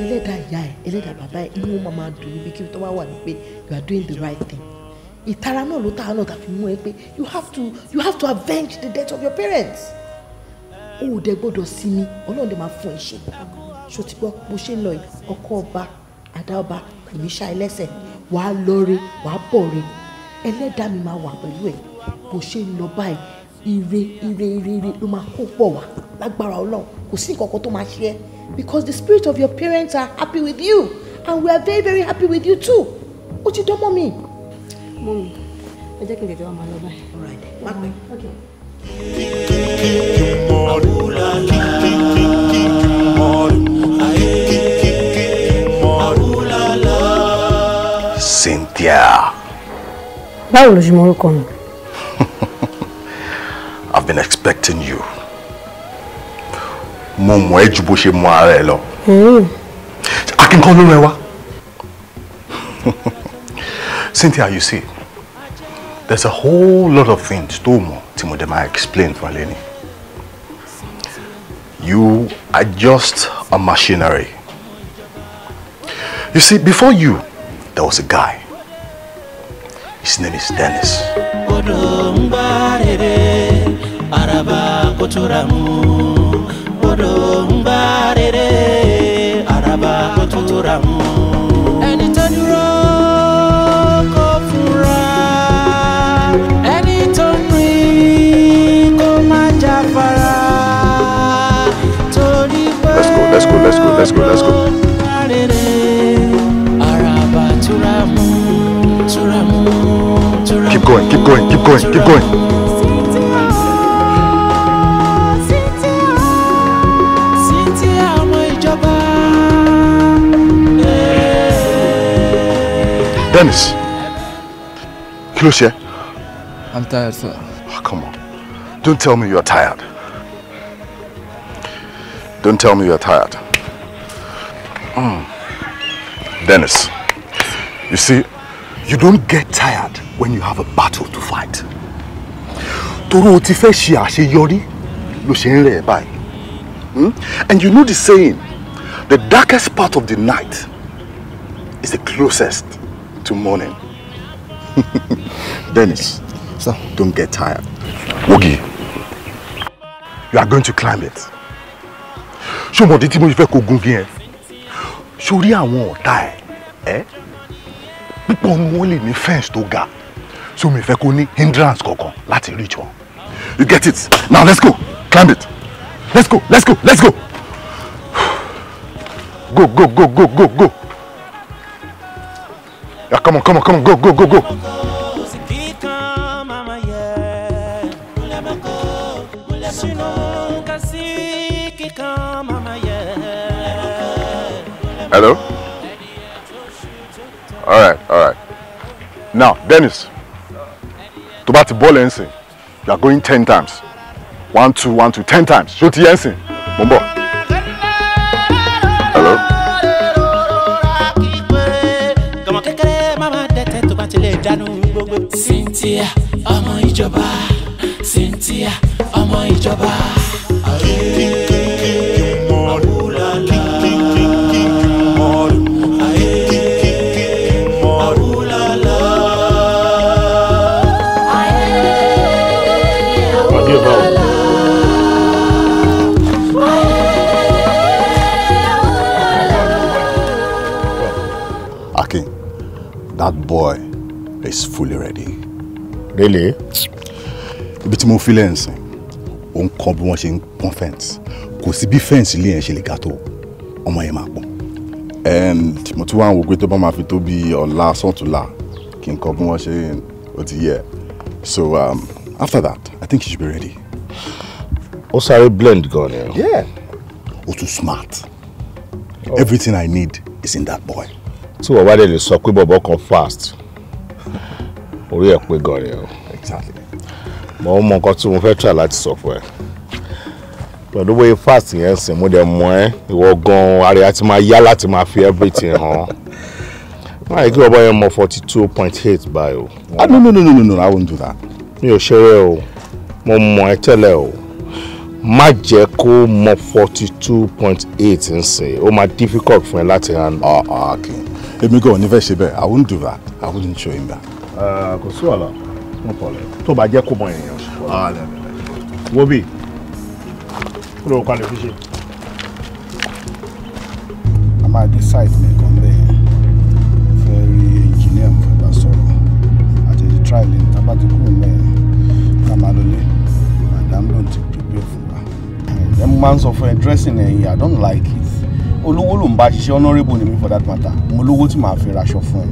ẹlẹ́dàá ìyá ẹ ẹlẹ́dàá bàbá ẹ inú wọn máa dùn níbi kí tó bá wà ní pé you are doing the right thing ìtara náà ló tàá náà tàbí mú ẹ pé you have to you have to avenge the death of your parents o ò dẹ gbọ́dọ̀ sinmi Ọlọ́run dẹ máa fún ẹ ṣe ṣòtìgbọ bó ṣe ń lọ yìí ọkọ ọba àdá ọba kò ṣá ẹ lẹ́sẹ̀ wàá lọ re wàá bọ̀ re ẹlẹ́dàá mi máa wà pẹ̀lú ẹ bó ṣe ń lọ báyìí ire ire ire ire ló máa kó pọ̀ wá lágbára ọlọ́run kò sí nǹkan kan tó máa ṣe ẹ́ because the spirit of your parents are happy with you and we are very very happy with you too ó ti dánmọ́ mi. mọ́mi ẹ jẹ́ kí n tètè wá máa lọ báyìí. alright wá pẹ́. Cynthia. báwo ló ṣe mọ orúkọ mi. I've been expecting you. Mo mọ̀ ẹ́ ju bó ṣe mọ ara ẹ lọ. Hmm. Akínkán ló rẹwà. Cynthia, you see, there's a whole lot of things tó mọ̀ tí mo dẹ̀ máa explain fún Aleni. You are just a machinery. You see, before you, there was a guy. His name is Dennis araba koturamu bodo ń bá rere araba koturamu. ẹni tó keep going keep going keep going keep going. Dennis. Close here. I'm tired, sir. Oh, come on. Don't tell me you're tired. Don't tell me you're tired. Mm. Dennis, you see, you don't get tired when you have a battle to fight. Mm? And you know the saying, the darkest part of the night is the closest till morning. Dennis, sir, don't get tired. Wogi, you are going to climb it. Ṣé o mọ̀ dé tí mo fẹ́ kó gun igi yẹn? Ṣé o rí àwọn ọ̀tá ẹ̀? fence tó ga. So mi fẹ́ kó hindrance koko lati reach wọn. You get it? Now let's go, climb it. Let's go, let's go, let's go. Go, go, go, go, go, go. Yeah, come on, come on, come on, go, go, go, go. Hello? Alright, alright. Now, Dennis, to bat the ball, ẹ̀ you are going ten times. One, two, one, two, ten times. Shoot, o ti yẹn Cynthia ọmọ ìjọba Cynthia ọmọ ìjọba. Akin, that boy is fully ready. Really? Ibi tí mo fi lẹ́ǹsìn, ó ń kọ́ bí wọ́n ṣe ń pọ́n fẹ́ǹsì. Kò sí bí fẹ́ǹsì ilé yẹn ṣe lè ga tó, ọmọ yẹn máa pọ́n. And mo tún wá ń wo pé tó bá máa fi tó bí ọ̀la sọ̀túnla kí n kọ́ bí wọ́n ṣe ó ti yẹ. So um, after that, I think she should be ready. Ó sáré blend gan ni. Yeah. Ó tún smart. Oh. Everything I need is in that boy. Tí wọ́n wá lè sọ pé bọ̀bọ̀ kan fast orí ẹ̀ pé gan ni o mo mọ nǹkan tí mo fẹ́ try láti sọ fún ẹ pẹ̀lú bóyá fast yẹn sìn mo dẹ̀ mọ ẹ́ ìwọ gan ara ẹ̀ ti máa yá láti máa fi everything hàn máa yẹ kí ọba yẹn mọ forty two point eight báyìí o. ah no no no no no I won't do that. mi ò ṣeré o mo mọ ẹ tẹ́lẹ̀ o má jẹ́ kó mọ forty two point eight ń sìn ó máa difficult fún ẹ láti hàn. ọ̀ ọ̀ kì í èmi kò ní fẹ́ ṣe bẹ́ẹ̀ I won't do that I wouldn't show him that. Eh, kò sí wàhálà no problem tó bá jẹ́ kó mọ èèyàn ah, wo bí kó kọ́ àlè fi ṣe. a máa decide nìkan lẹ́yìn fẹ́ rí engineer mo fẹ́ bá sọ̀rọ̀ àti ẹ̀jẹ̀ trial ní tabatikú mẹ́rin ká máa lọlé madam ló ti prepare fún wa. ẹ máa ń sọ fún ẹ dressing ẹ̀yìn I don't like it olówó ló ń bá ṣiṣẹ́ honourable ni mi for that matter mo lówó tí màá fi raṣọ fún ẹ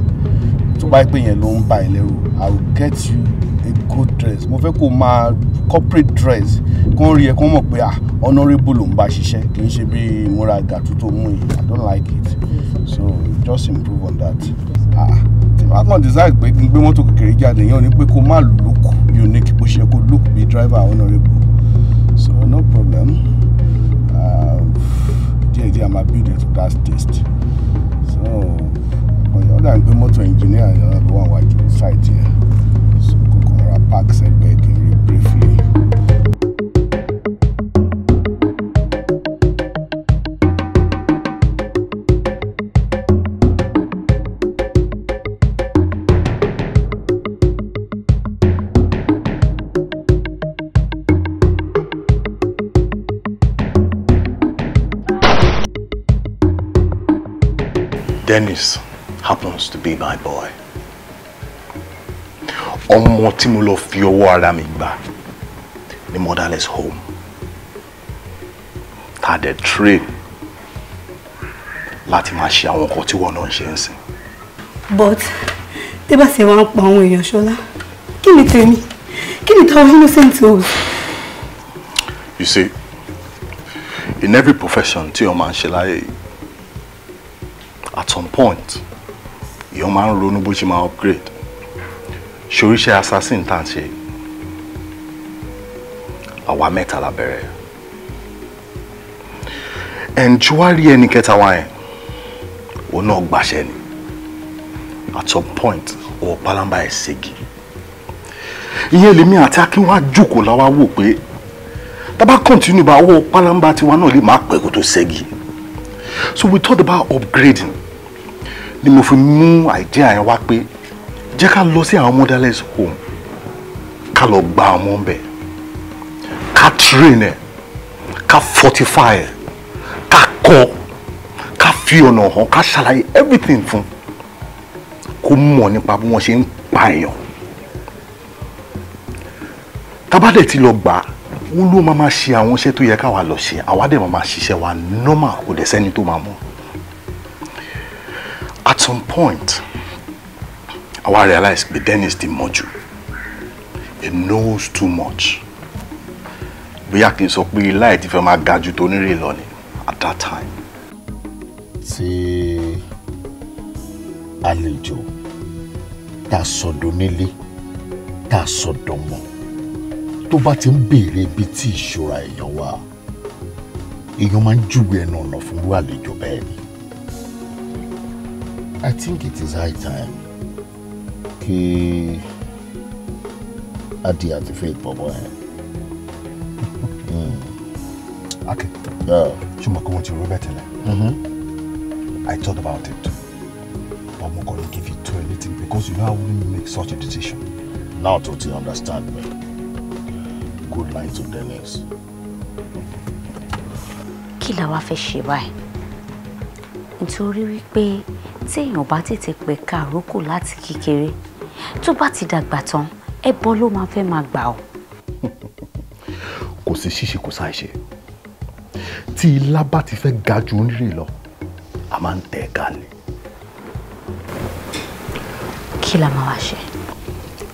tó bá pè yẹn ló ń ba ẹ lẹ́rù i will get you a good dress mo fẹ́ kó máa corporate dress kó ń rí ẹ kó mọ̀ pé ah honourable ló ń bá ṣiṣẹ́ kì í ṣe bí ìmúra gàtú tó mú yìí i don't like it so just improve on that ah a kàn desire pé kí n gbé mọ́tò kékeré jáde yẹn ò ní pé kó má look unique bó ṣe kó look bí driver honourable so no problem ah, díẹ̀ díẹ̀ máa build it to that taste so dà ń pé mọ́tò engineer yẹn náà ló wà wájú site yẹn so kókó ra park sẹ́gbẹ́ kiri briefly. Dennis happens to be my boy ọmọ tí mo lọ fi ọwọ́ ara mi gbà ní motherless home tá a dẹ̀ train láti máa ṣe àwọn nǹkan tí wọn náà ń ṣe ń sìn. but tẹ́ bá ṣe wàá pa àwọn èèyàn ṣọlá kí ni tèmi kí ni táwọn innocent o. you see in every profession tí o máa ń ṣe láyé at some point èèyàn máa ń ronú bó ṣe máa upgrade ṣoríṣẹ́ assassin tá à ń ṣe àwa mẹ́ta la bẹ̀rẹ̀ ẹnjú wá rí ẹni kẹta wa yẹn òun náà gbàṣẹ ni at some point òun pálábá ẹ̀ ṣègi ìyẹn lèmi àti akin wá la wá wò pé tá continue bá owó pálábá tiwa náà lè má pẹ́ kó tó ṣègi so we thought about upgrading ni mo fi mú àìdíà yẹn wá pé jẹ́ ká lọ sí àwọn motherless home ká lọ gba ọmọ ń bẹ̀ ká train ẹ̀ ká fortify ẹ̀ ká kọ́ ká fi ọ̀nà hàn ká ṣàlàyé everything fún kó mọ̀ nípa bí wọ́n ṣe ń pa èèyàn tábàdẹ̀ ti lọ gbà á wọ́n ló máa ma ṣe àwọn iṣẹ́ tó yẹ káwa lọ ṣe àwa dẹ̀ máa ma ṣiṣẹ́ wa normal kò dẹ̀ sẹ́ni tó máa mọ̀ at some point àwa realize the Dennis ti mọ̀ he knows too much We kì so sọ pé ilá ẹ̀ ti fẹ́ máa ga at that time. See, àlejò tá a sọdọ nílé tá a sọdọ mọ tó bá ti ń béèrè ibi tí ìṣúra èèyàn wà èèyàn máa ń júwe baby. I think it is high time kí adi àti faith bọ̀bọ̀ yẹn. Akin ṣùgbọ́n kí wọ́n ti rú bẹ́ẹ̀ tẹ́lẹ̀ mm-hmm. I thought about it but mo kọ́ ni give you to anything because you know I wouldn't make such a decision. Now to ti understand me good line to Dennis. Kí la wá fẹ́ ṣe báyìí? Nítorí wípé tí èèyàn bá tètè pẹ ká àrókò láti kékeré tó bá ti dàgbà tán ẹbọ ló máa fẹ́ máa gbà ọ́. kò sí ṣíṣe kò sáà ṣe tí ilá bá ti fẹ́ ga ju onírè lọ a máa ń tẹ̀ ẹ́ ká kí la máa wá ṣe.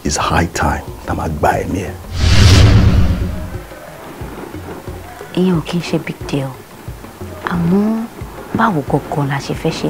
it's high time tá a máa gba ẹ̀mí ẹ̀. ìyẹn ò kí ń ṣe big deal àmọ́ báwo gangan la ṣe fẹ́ ṣe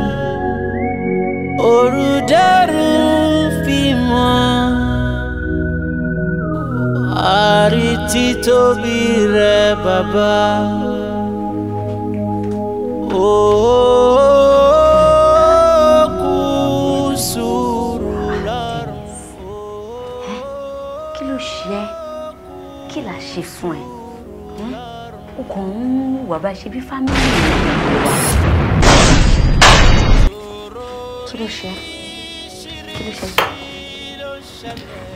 òru dẹrù fímọ́ àrí títóbi rẹ bàbá. kí ẹ hm? o kàn ń wà bá ṣe bí fámìlì rẹ wà kí ló ṣe kí ló ṣe.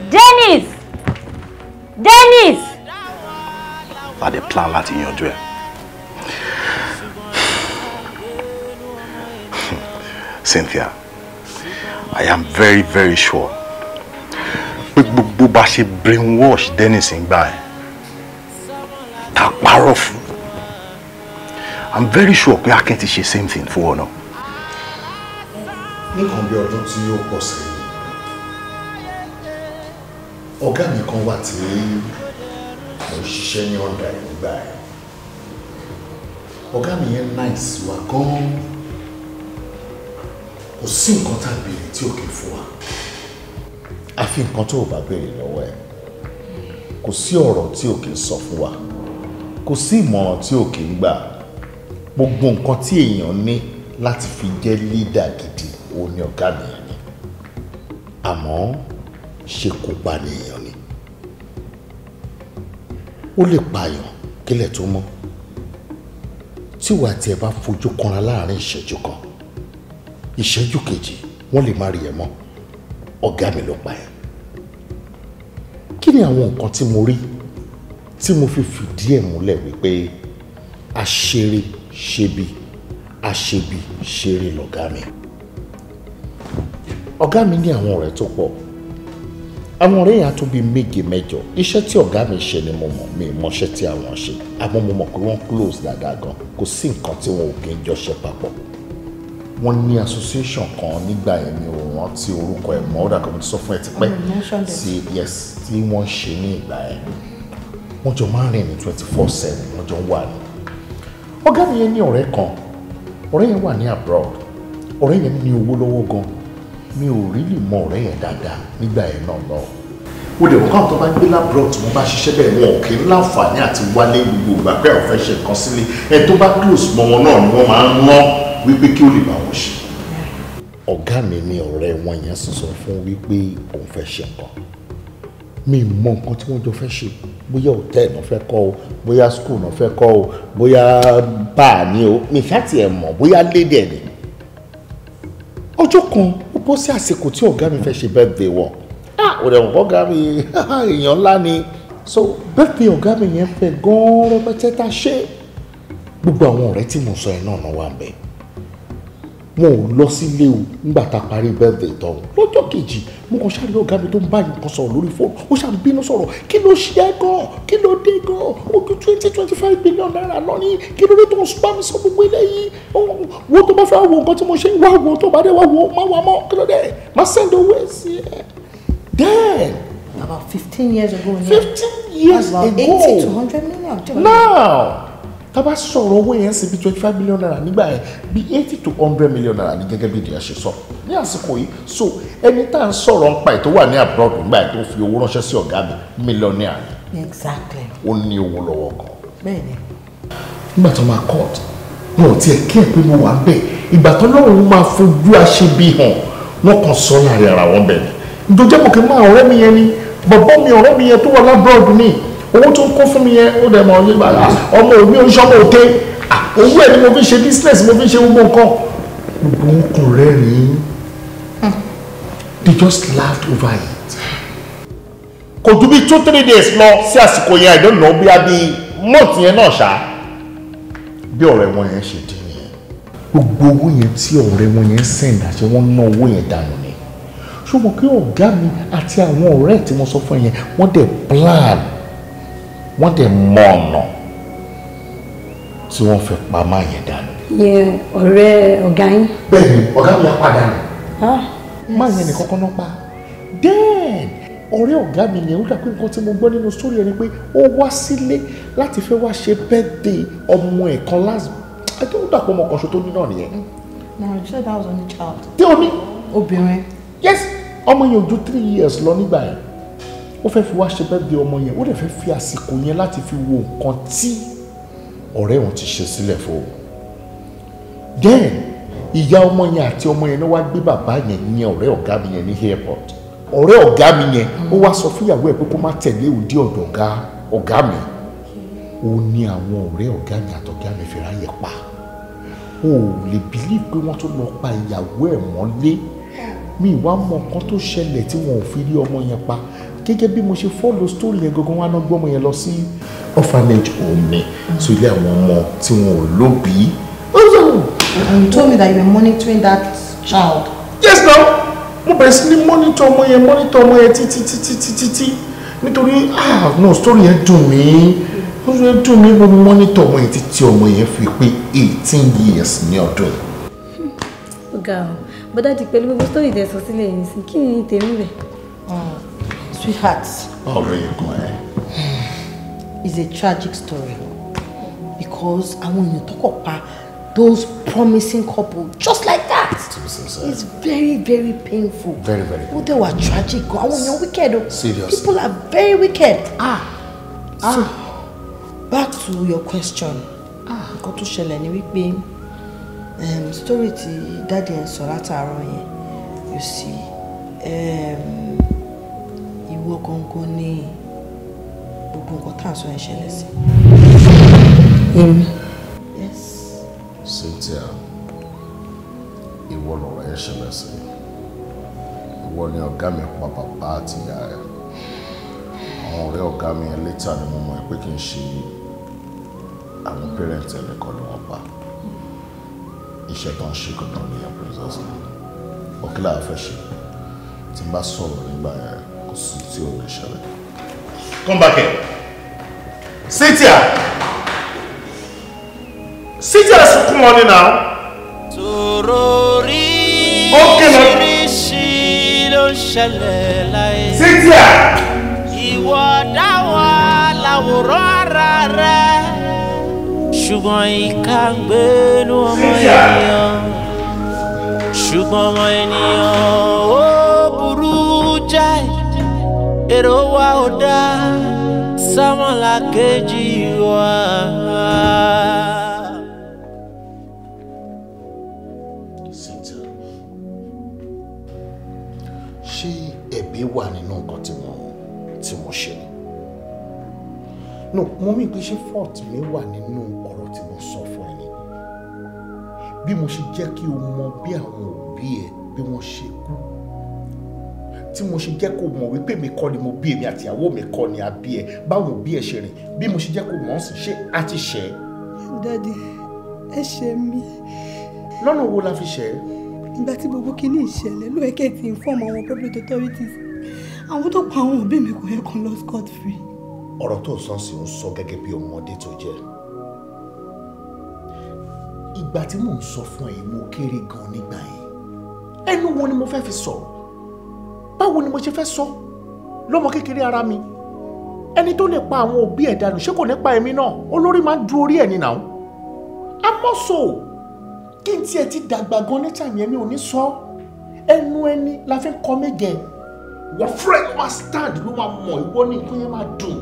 Dennis Dennis. a dé plan láti yanjú ẹ Cynthia I am very very sure pé gbogbo bá she brainwashed Dennis in by that ta parọ́ I'm very sure we pé Akin ti ṣe same thing for ọ náà nǹkan bí ọdún tí ó pọ̀ sẹ́yìn ọ̀gá mi kan wà tí mo ṣiṣẹ́ ní ọ̀dà ìgbà ẹ̀ ọ̀gá mi yẹn nice wà gan-an kò sí nǹkan tá a béèrè tí ò kì í fún wa àfi nǹkan tó o bá béèrè lọ́wọ́ ẹ̀ kò sí ọ̀rọ̀ tí ò kì í sọ fún wa kò sí ìmọ̀ràn tí ò kì í gbà gbogbo nǹkan tí èèyàn ní láti fi jẹ́ lídà gidi òun ni ọ̀gá mi yẹn ni àmọ́ ṣe kó pa nìyẹn ni ó lè pààyàn kílẹ̀ tó mọ́ tí ìwà tí ẹ bá fojú kanra láàrin ìṣẹ́jú kan ìṣẹ́jú kejì wọ́n lè má rí ẹ mọ́ ọ̀gá mi ló pa ẹ́ kí ni àwọn nǹkan tí mo rí tí mo fi fìdí ẹ̀ múlẹ̀ wípé aṣeré ṣebi aṣebi ṣeré lọ̀gá mi ọ̀gá mi ní àwọn ọ̀rẹ́ tó pọ̀ àwọn ọ̀rẹ́ yẹn á tó bíi méje mẹ́jọ iṣẹ́ tí ọ̀gá mi ṣe ni mo mọ̀ mi mọṣẹ́ tí àwọn ṣe àmọ́ mo mọ̀ pé wọ́n close dáadáa gan kò sí nǹkan tí wọn ò kí ń jọ ṣe papọ̀ wọ́n ní association kan nígbà yẹn ni òun rántí orúkọ ẹ̀ mọ́ ọ̀dà kan mo ti sọ fún ẹ tipẹ́ mm, tí yes tí wọ́n ṣe ní ìgbà yẹn wọ́n jọ máa rìn ní twenty four seven wọ́n jọ wà ní. ọ̀gá mi yẹn ní ọ̀rẹ́ kan ọ̀rẹ́ yẹn wà ní abroad ọ̀rẹ́ yẹn ní owó lọ́wọ́ gan mi ò rí lè mọ ọ̀rẹ́ yẹn dáadáa nígbà yẹn náà lọ. mo dẹ̀ wọ́n káwọn tó bá gbé lábúrò tí wọ́n bá ṣiṣẹ́ bẹ́ẹ̀ wọn ò kí ń láǹfààní àti wálé gbogbo ìgbà pé àwọn fẹ́ ṣe nǹkan sílé ẹ tó bá close mọ́ wọn náà ni wọ́n máa ń rán wípé kí ó lè bá wọn ṣe. ọ̀gá mi ni ọ̀rẹ́ wọn yẹn sọ fún wípé òun fẹ́ ṣe nǹkan mi mọ nǹkan tí wọ́n jọ fẹ́ ṣe bóyá hòtẹ́ẹ̀lì náà fẹ́ kọ́ o bóyá skul náà fẹ́ kọ́ o bóyá báà ni o mi ṣáà tiẹ̀ mọ̀ bóyá lédè ni ọjọ́ kan ó bọ́ sí àsìkò tí ọ̀gá mi fẹ́ ṣe birthday wọ̀ ah! ó dẹ̀ wọ́n ọ̀gá mi èèyàn ńlá ni so birthday ọ̀gá mi yẹn fẹ́ gan-an rẹpẹtẹ tá a ṣe gbogbo àwọn ọ̀rẹ́ tí mo sọ ẹ náà náà wà bẹ́ẹ̀ wọn ò lọ sílé o nígbà tá a parí birthday tán lọ́jọ́ kejì mo kàn ṣáà rí ọ̀gá mi tó ń bá nǹkan sọ̀rọ̀ lórí fóònù ó ṣáà ń bínú sọ̀rọ̀ kí ló ṣe é gan kí ló dé gan ojú twenty twenty five billion naira lọ ní kí ló dé tó ń spam sọ gbogbo eléyìí wo tó bá fẹ́ wo nǹkan tí mo ṣe wá wo tó bá dé wá wo má wà mọ́ kí ló dé má send owó ẹ̀ sí ẹ̀ then. about fifteen years ago. fifteen years ago. about eighty to hundred million. now tá bá sọ̀rọ̀ owó yẹn sí bí twenty five million naira nígbà yẹn bí eighty to hundred million naira ní gẹ́gẹ́ bí ìdíyà ṣe sọ ní àsìkò yìí so ẹni tá à ń sọ̀rọ̀ ń pa ẹ̀ tó wà ní abroad nígbà yẹn tó fi owó ránṣẹ́ sí ọ̀gá mi millionaire ni. exactly. ó ní owó lọ́wọ́ kan. bẹ́ẹ̀ni. nígbà tó máa court wọn ò tiẹ̀ kí ẹ̀ pé mo wà ń bẹ̀ ìgbà tó lọ́run máa fojú aṣebi hàn wọ́n kàn sọ láàrin ara wọn bẹ̀ ni. ìdójẹ́ mọ̀kẹ́ máa ọ̀rẹ́ owó tó kó fún mi yẹn ó dẹ̀ mọ̀ nígbà ọmọ òbí oṣù ọmọ òté owó ẹ̀ ni mo fi ṣe business mo fi ṣe gbogbo nǹkan gbogbo ń kùn rẹ́rìn they just laughed over it. kò ju bí two three days lọ sí àsìkò yẹn I don't bí a mọ́ọ̀tì yẹn náà ṣá bí ọ̀rẹ́ wọn yẹn ṣe dín nìyẹn gbogbo owó yẹn tí ọ̀rẹ́ wọn yẹn sẹ̀ǹdà ṣe wọ́n ná owó yẹn dànù ni ṣùgbọ́n kí ọ̀gá mi àti àwọn ọ̀rẹ́ tí mo sọ fún yẹn wọ́n dẹ̀ plan wọ́n dẹ̀ mọ ọ̀nà tí wọ́n fẹ́ pa máa yẹn dànù. yẹ ọ̀rẹ́ ọ̀gá yín. bẹ́ẹ̀ni ọ̀gá mi apá dànù. máa yẹn nìkan kan náà pa then ọ̀rẹ́ ọ̀gá mi yẹn ó dàpé nǹkan tí mo gbọ́ nínú sórí ẹni pé ó wá sílé láti fẹ́ wá ṣe birthday ọmọ ẹ̀ kan last ẹjọ́ ó dàpọ̀ ọmọ kan ṣo tó ní náà nìyẹn. na you said that was only child. tí o ní. obìnrin. yes ọmọ yẹn ò ju three years lọ nígbà yẹn ó fẹ́ fi wá ṣe birthday ọmọ yẹn ó dẹ̀ fẹ́ fi àsìkò yẹn láti fi wo nǹkan tí ọ̀rẹ́ òun ti ṣe sílẹ̀ fún o then ìyá ọmọ yẹn àti ọmọ yẹn náà wá gbé bàbá yẹn yẹn ọ̀rẹ́ ọ̀gá mi yẹn ní airport ọ̀rẹ́ ọ̀gá mi yẹn ó wá sọ fúnyàwó ẹ̀ pé kó má tẹ̀lé òde ọ̀dọ̀ ọ̀gá ọ̀gá mi ó ní àwọn ọ̀rẹ́ ọ̀gá mi àtọ̀gá mi fi ráyè pa o ò lè believe pé wọ́n tún lọ pa ìyàwó ẹ̀ mọ́lé mi ìwà mọ nǹkan tó ṣẹlẹ̀ tí wọn ò fi rí ọmọ yẹn pa gẹ́gẹ́ bí mo ṣe fọ́ọ̀lù sítórì yẹn gangan wá náà gbọ́mọ yẹn lọ sí orphanage omi so ilé àwọn ọmọ tí wọn ò lóbìí. Oh, you told me that you were monitoring that child. yes ma'am. mo bẹ̀rẹ̀ sí ní mọ́nítọ̀ ọmọ yẹn mọ́nítọ̀ ọmọ yẹn títí títí títí tí nítorí ah no sítórì yẹn dùn mí sítórì yẹn dùn mí mo mọ́nítọ̀ ọmọ yẹn títí ọmọ yẹn fi pé eighteen years ní ọdún. ó ga ọ bọ́dá ti pẹ̀lú gbogbo sítórì tẹ̀sán sílẹ̀ yìí sí kí ni tèmi rẹ̀. Ah. Sweetheart. Ọ̀rẹ́ ẹ̀gbọ́n It's a tragic story because I want tó kọ̀ pa those promising couple just like that. It's very very painful. Very very. Ó they were tragic I want èèyàn wicked o. Seriously. People are very wicked. Ah. Ah. So, back to your question. Ah. Nǹkan tó ṣẹlẹ̀ ni wípé um, story to Daddy and Solata látàárọ̀ yẹn you see um, ìwọ gangan ni gbogbo nǹkan tá à ń sọ ẹ̀ sí. èmi. yes. Cynthia ìwọ lọ̀rọ̀ ẹ̀ ṣẹlẹ̀ sí ìwọ ni ọ̀gá mi pa bàbá àti ìyá rẹ̀ àwọn ọ̀rẹ́ ọ̀gá mi ẹ̀ létà ni mo mọ̀ pé kì í ṣe àwọn parent ẹ̀ lẹ́kọ̀ọ́ ni wọ́n pa iṣẹ́ tó ń ṣe kò tán ní ẹ̀ pẹ̀lú ọ̀sán ọ̀kílà àfẹ́ṣe tí n bá sọ̀rọ̀ nígbà yẹn sí tí ò ní ṣẹlẹ̀. come back here sit here sit here sunkún wọn ni na. tòròrí ṣiríṣi ló ń ṣẹlẹ̀ láyé. sit here. ìwọ dá wa ara rẹ ṣùgbọ́n ìka ń gbénu ọmọ ènìyàn ṣùgbọ́n ọmọ ènìyàn. èrò wa ò dá sámọ́là kejì wa. ṣé ẹ̀bi wà nínú nǹkan tí mo tí mo ṣe ni no mo mí pé ṣé fault mi wà nínú ọ̀rọ̀ tí mo sọ fún ẹ ni bí mo ṣe jẹ́ kí o mọ bí àwọn òbí ẹ bí wọ́n ṣe tí mo ṣe jẹ́ kó mọ̀ wípé mi kọ́ ni mo bí èmi àti ìyàwó mi kọ́ ni a ẹ báwo bí ẹ ṣe rìn bí mo ṣe jẹ́ kó mọ̀ ọ́n sì ṣé a ti ṣẹ́. dadi ẹ ṣe mí. lọ́nà wo la fi ṣẹ́. ìgbà tí gbogbo kìíní ìṣẹ̀lẹ̀ ló yẹ kẹ́ ti inform àwọn public authorities àwọn tó pa àwọn òbí mi kò yẹ kàn lọ scot free. ọ̀rọ̀ tó sọ sí ń sọ gẹ́gẹ́ bí ọmọdé tó jẹ́ ìgbà tí mò ń sọ fún ẹ mo kéré gan nígbà yẹn ẹnu wọn ni mo fẹ́ fi sọ̀rọ̀ báwo ni mo ṣe fẹ́ sọ lọ́mọ kékeré ara mi ẹni tó lè pa àwọn òbí ẹ̀ dànù ṣé kò ní pa èmi náà olórí máa ń du orí ẹ̀ nínà ó amọ́sọ kí n tiẹ̀ ti dàgbà gan ní tàmí ẹ̀mí ò ní sọ ẹnu ẹni la fi ń kọ́ méje wọ́n fúnra ẹ̀ máa stand ló máa mọ̀ ìwọ ní ìpín yẹn máa dùn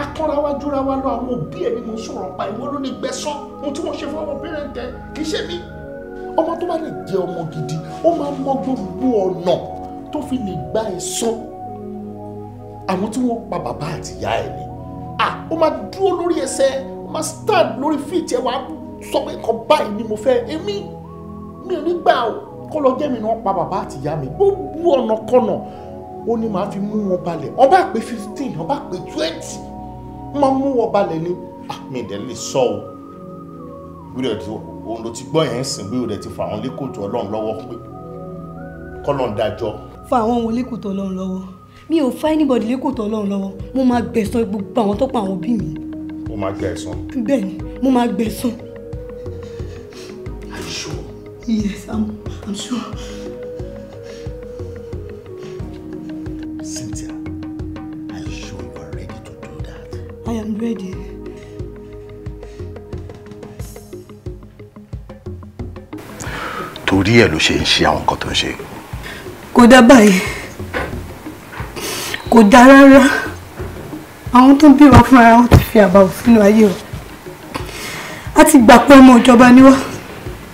akọ́rawá júrawá lọ àwọn òbí ẹ̀ ni mo sọ̀rọ̀ pa ìwọ ló lè gbẹ̀san mo tí wọ́n ṣe fún ọmọ parent ẹ kì í ṣe mí ọmọ tó bá lè jẹ ọmọ gidi ó máa mọ gbogbo ọ̀nà tó fi lè gba ẹ̀san àwọn tí wọ́n pa bàbá àti ìyá ẹ̀ ni ah ó máa dúró lórí ẹsẹ̀ ó máa stand lórí feet ẹ̀ wàá sọ pé kọ báyìí ni mo fẹ́ èmi mi ò ní gbà kó lọ jẹ́ mi ni wọ́n pa bàbá àti ìyá mi gbogbo ọ̀nà kọ̀nà ó ní màá fi mú wọn balẹ̀ ọba pé fifteen ọba pé twenty máa mú wọn balẹ̀ ni àmì ìdẹ́ lè sọ o gbúdọ̀ tí òun ló ti gbọ́ yẹn ń sìn bí òun ti fà wọ́n lékòtò ọlọ́run lọ́wọ́ pé kọ́lọ́n dájọ́ fa àwọn ohun lẹ́kùtọ̀ ọlọ́run lọ́wọ́ mi ò fa anybody lẹ́kùtọ̀ ọlọ́run lọ́wọ́ mo máa gbẹ̀san gbogbo àwọn tó pa àwọn òbí mi. o máa gbẹ̀san. bẹ́ẹ̀ mo máa gbẹ̀san. are you sure. yes i'm i'm sure. Cynthia, are you sure you are ready to do that? I am ready. torí ẹ ló ṣe ń ṣe àwọn nǹkan tó ń ṣe kò dá báyìí kò dá rárá àwọn tó ń bí wa fúnra wọn ti fi àbá òfin ayé wa a ti gbà pé ọmọ ìjọba ni wá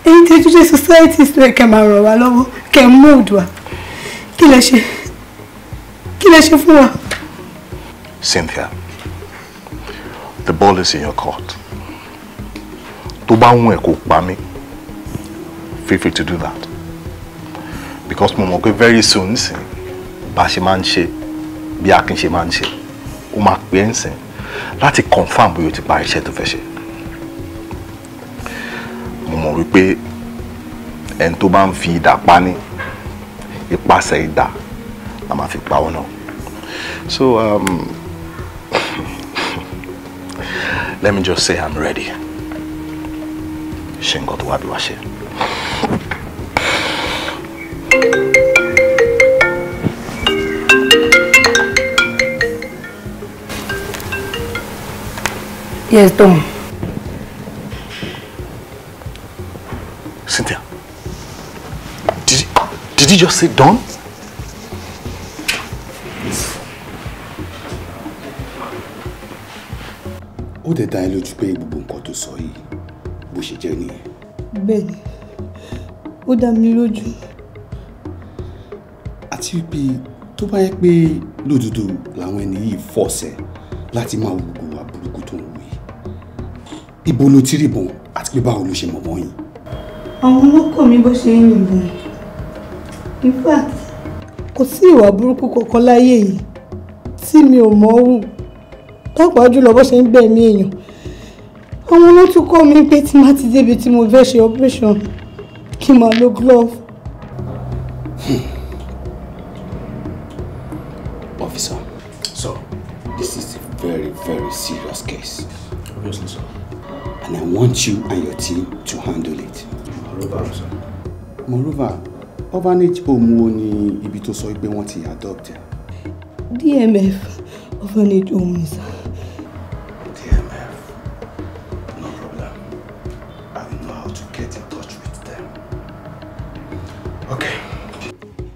èyí tí ojúṣe society sílẹ̀ kẹ́ máa ràn wá lọ́wọ́ kẹ́ ń mú òdùà kí lẹ ṣe kí lẹ ṣe fún wa. Cynthia, the ball is in your court tó bá ń wọ̀ ẹ̀ kó pa mí feel free to do that because mo mọ̀ pé very soon sìn bá a ṣe máa ń ṣe bí Akin ṣe máa ń ṣe ó máa pè é ń sìn láti confam bóyá o ti parí iṣẹ́ tó fẹ́ ṣe mo mọ̀ wípé ẹni tó bá ń fi idà pani ipasẹ̀ idà la máa fi pa wọn náà so um, let me just say I'm ready ṣe nǹkan tó wá bí wá ṣe. Yes, Tom. Cynthia, did, did you just say Don? Ó dẹ̀ dá ẹ lójú pé gbogbo nǹkan tó sọ yìí bó ṣe jẹ́ nìyẹn. Bẹ́ẹ̀ni, ó dá mi lójú. Àti wípé tó bá yẹ pé lódodo làwọn ẹni yìí fọ̀ọ̀sẹ̀ láti máa wùgbọ́ ibo ló ti rí bọ́n àti pé báwo ló ṣe mọ̀ bọ́n yìí. àwọn olóko mi bó ṣe ń yìnbọn in fact kò sí ìwà burúkú kankan láyé yìí tí mi ò mọ̀ wù pàápàá jùlọ bó ṣe ń gbẹ̀mí èèyàn àwọn olótùkọ́ mi pé tí má ti débi tí mo fẹ́ ṣe operation kí n máa lo glove and I want you and your team to handle it. Moreover, sir. Moreover, orphanage home wo ni ibi tó sọ pé wọ́n ti adopt ẹ? DMF orphanage home ni sir. DMF, no problem. I know how to get in touch with them. Okay.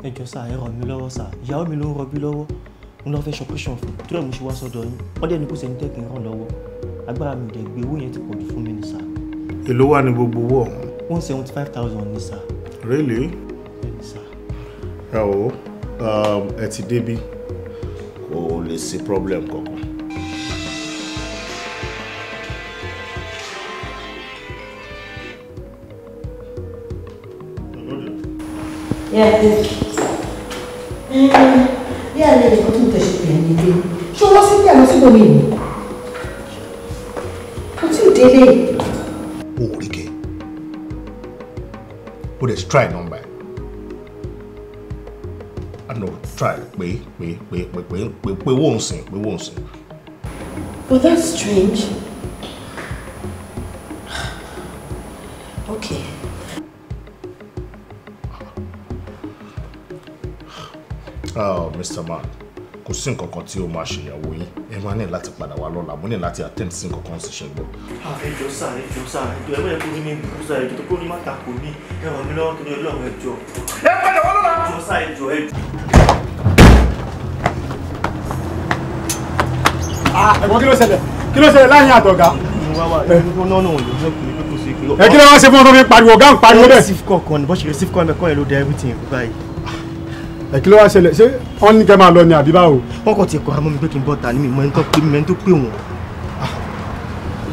Ẹ jọ̀ọ́ sá, ẹ ràn mí lọ́wọ́ sá, ìyàwó mi ló ń rọbí lọ́wọ́, mo lọ fẹ́ ṣọpẹ́ṣọ̀ fún, tó dẹ̀ mo ṣe wá sọ́dọ̀ yín, wọ́n dẹ̀ ní sẹ́ni tẹ́kì ń ràn lọ́wọ́ agbára mi ò dẹ̀ gbé owó yẹn ti pọ̀ jù fún mi ní sà. èló wà ní gbogbo owó ọ̀hún. one seventy five thousand ní sà. really? bẹ́ẹ̀ni sà. ẹ o ẹ ti débí kò lè sí problem kankan. Yeah, yeah, yeah, yeah, yeah, yeah, yeah, yeah, yeah, yeah, yeah, yeah, yeah, yeah, yeah, yeah, yeah, yeah, yeah, try number ẹ̀ àná try pé pé pé pé pé pé pé wò ń sìn pé wò ń sìn. But that's strange. Okay. Oh, Mr. Mark kò sí nǹkan kan tí ó máa ṣèyàwó yín ẹ máa ní láti padà wá lọ́la mo ní láti attend sí nǹkan kan sì ṣe gbọ́. ẹjọ sá ẹjọ sá ẹjọ ẹgbẹ́ kò ní mi burú sá ẹjọ tó kó ní má ta kò ní ẹ ràn mí lọ́wọ́ torí ọlọ́run ẹjọ. ẹ padà wá lọ́la. ẹjọ sá ẹjọ ẹjọ. ẹ̀gbọ́n kí ló ṣẹlẹ̀ kí ló ṣẹlẹ̀ láyìn àtọ̀gá. ẹ kí ló wá ṣe fún ọkọ mi pariwo gán pariwo bẹ́ẹ̀. receive call kan bó receive call mẹ́kọ́ yẹn ló da everything báyìí ẹ kí ló wá ṣẹlẹ̀ ṣé wọ́n ní kẹ́ máa lọ ni àbí báwo. wọ́n kàn ti kọ́ amọ́ mi pé kí n bọ́ ta ni mi mọ ẹni tó pè mí ẹni tó pè wọ́n.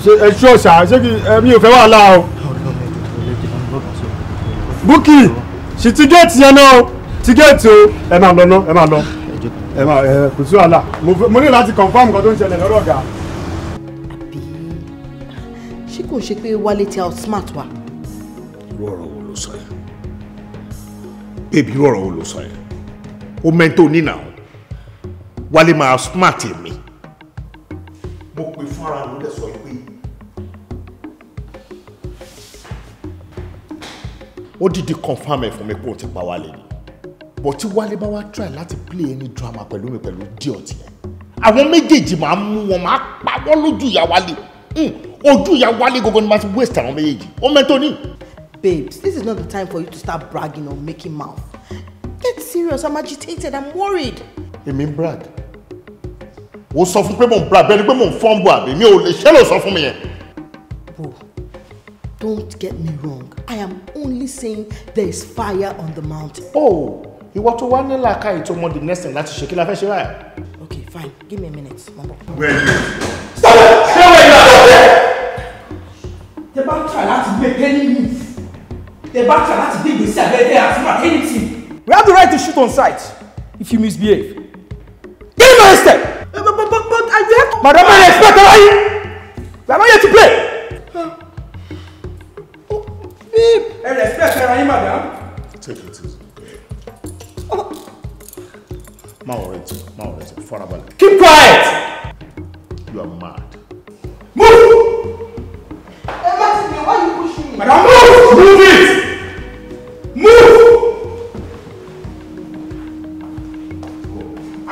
ṣe ẹ ṣú ọ̀sà ṣé kí mi ò fẹ́ wàhálà o. búkì sì ti géètì yẹn náà ti géètì o ẹ máa lọ náà ẹ máa lọ ẹ máa ẹ kò sí wàhálà mo ní láti confam nǹkan tó ń ṣẹlẹ̀ lọ́dọ̀ ọ̀gá. àbí ṣé kò ṣe pé wálé ti outsmart wa. irú wo ló sọ yẹn bébí irú wo ló sọ yẹn o mẹ́tò nínà o wálé máa smart mi. mo pè fún ara mi lẹ́sọ̀ yìí pé. ó dìde confam ẹ̀ fún mi pé o ti pa wálé ni but tí wálé bá wá try láti play any drama pẹ̀lú mi pẹ̀lú díọ̀tì yẹn àwọn méjèèjì máa mú wọn máa pa wọ́n lójú ìyá wálé hmm, ojú ìyá wálé gógó ni máa ti waste àwọn méjèèjì ó mẹ́tò ní. babes this is not the time for you to start bragging or making mouth Get serious, I'm agitated, I'm worried. Èmi ń brag. Ó sọ fún pé mò ń brag bẹ́ẹ̀ ni pé mò ń fọ́n bu àbí mi ò lè ṣẹ́ lò sọ fún mi yẹn. Bro, don't get me wrong. I am only saying there is fire on the mountain. Oh, ìwọ tó wá nílà ká ètò ọmọ the next thing láti ṣe kí la fẹ́ ṣe báyìí. Okay, fine. Give me a minute. Where are you? Stop it! Stay where you are there! Tẹ bá ń try láti gbé penny move. Tẹ bá ń try láti gbé ìgbésí àgbẹ̀dẹ àti maternity. We have the right to shoot on sight if you misbehave. Give me my step. But, but, but, but I have to... Madam, I expect all right. We are not here to play. Uh, oh, babe. madam. Take it easy. Má ọ̀rẹ́ tí, Keep quiet! You are mad. Move! Hey, Martin, why are you pushing me? Madam, move! Move it!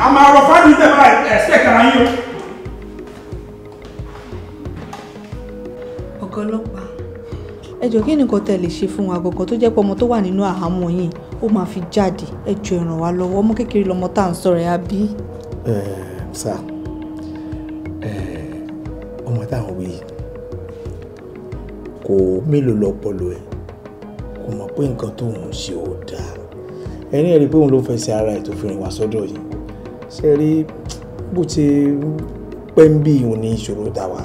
a máa rọ fáàdì tẹ̀ bá ẹ̀ṣẹ̀ kàrà yín o. ọ̀gá ọlọ́pàá ẹ jọ̀ọ́ kí ni nǹkan tẹ́ lè ṣe fún wa gọ̀gọ̀ tó jẹ́ pé ọmọ tó wà nínú àhámọ́ yìí ó máa fi jáde ẹ jọ̀ọ́ ẹ ràn wá lọ́wọ́ ọmọ kékeré lọmọ tá à ń sọ̀rọ̀ ẹ̀ àbí. ẹ sá ẹ ọmọ táwọn wí kò mélòó lọ́pọlọ ẹ̀ kò mọ̀ pé nǹkan tó ń ṣe ò dáa ẹni ẹ̀rí pé òun ló fẹsẹ̀ ara ẹ̀ tó fi rìn wá sọ́dọ̀ yìí ṣe rí bó ti pẹ́ ń bí ìhùn ní ìṣòro dá wa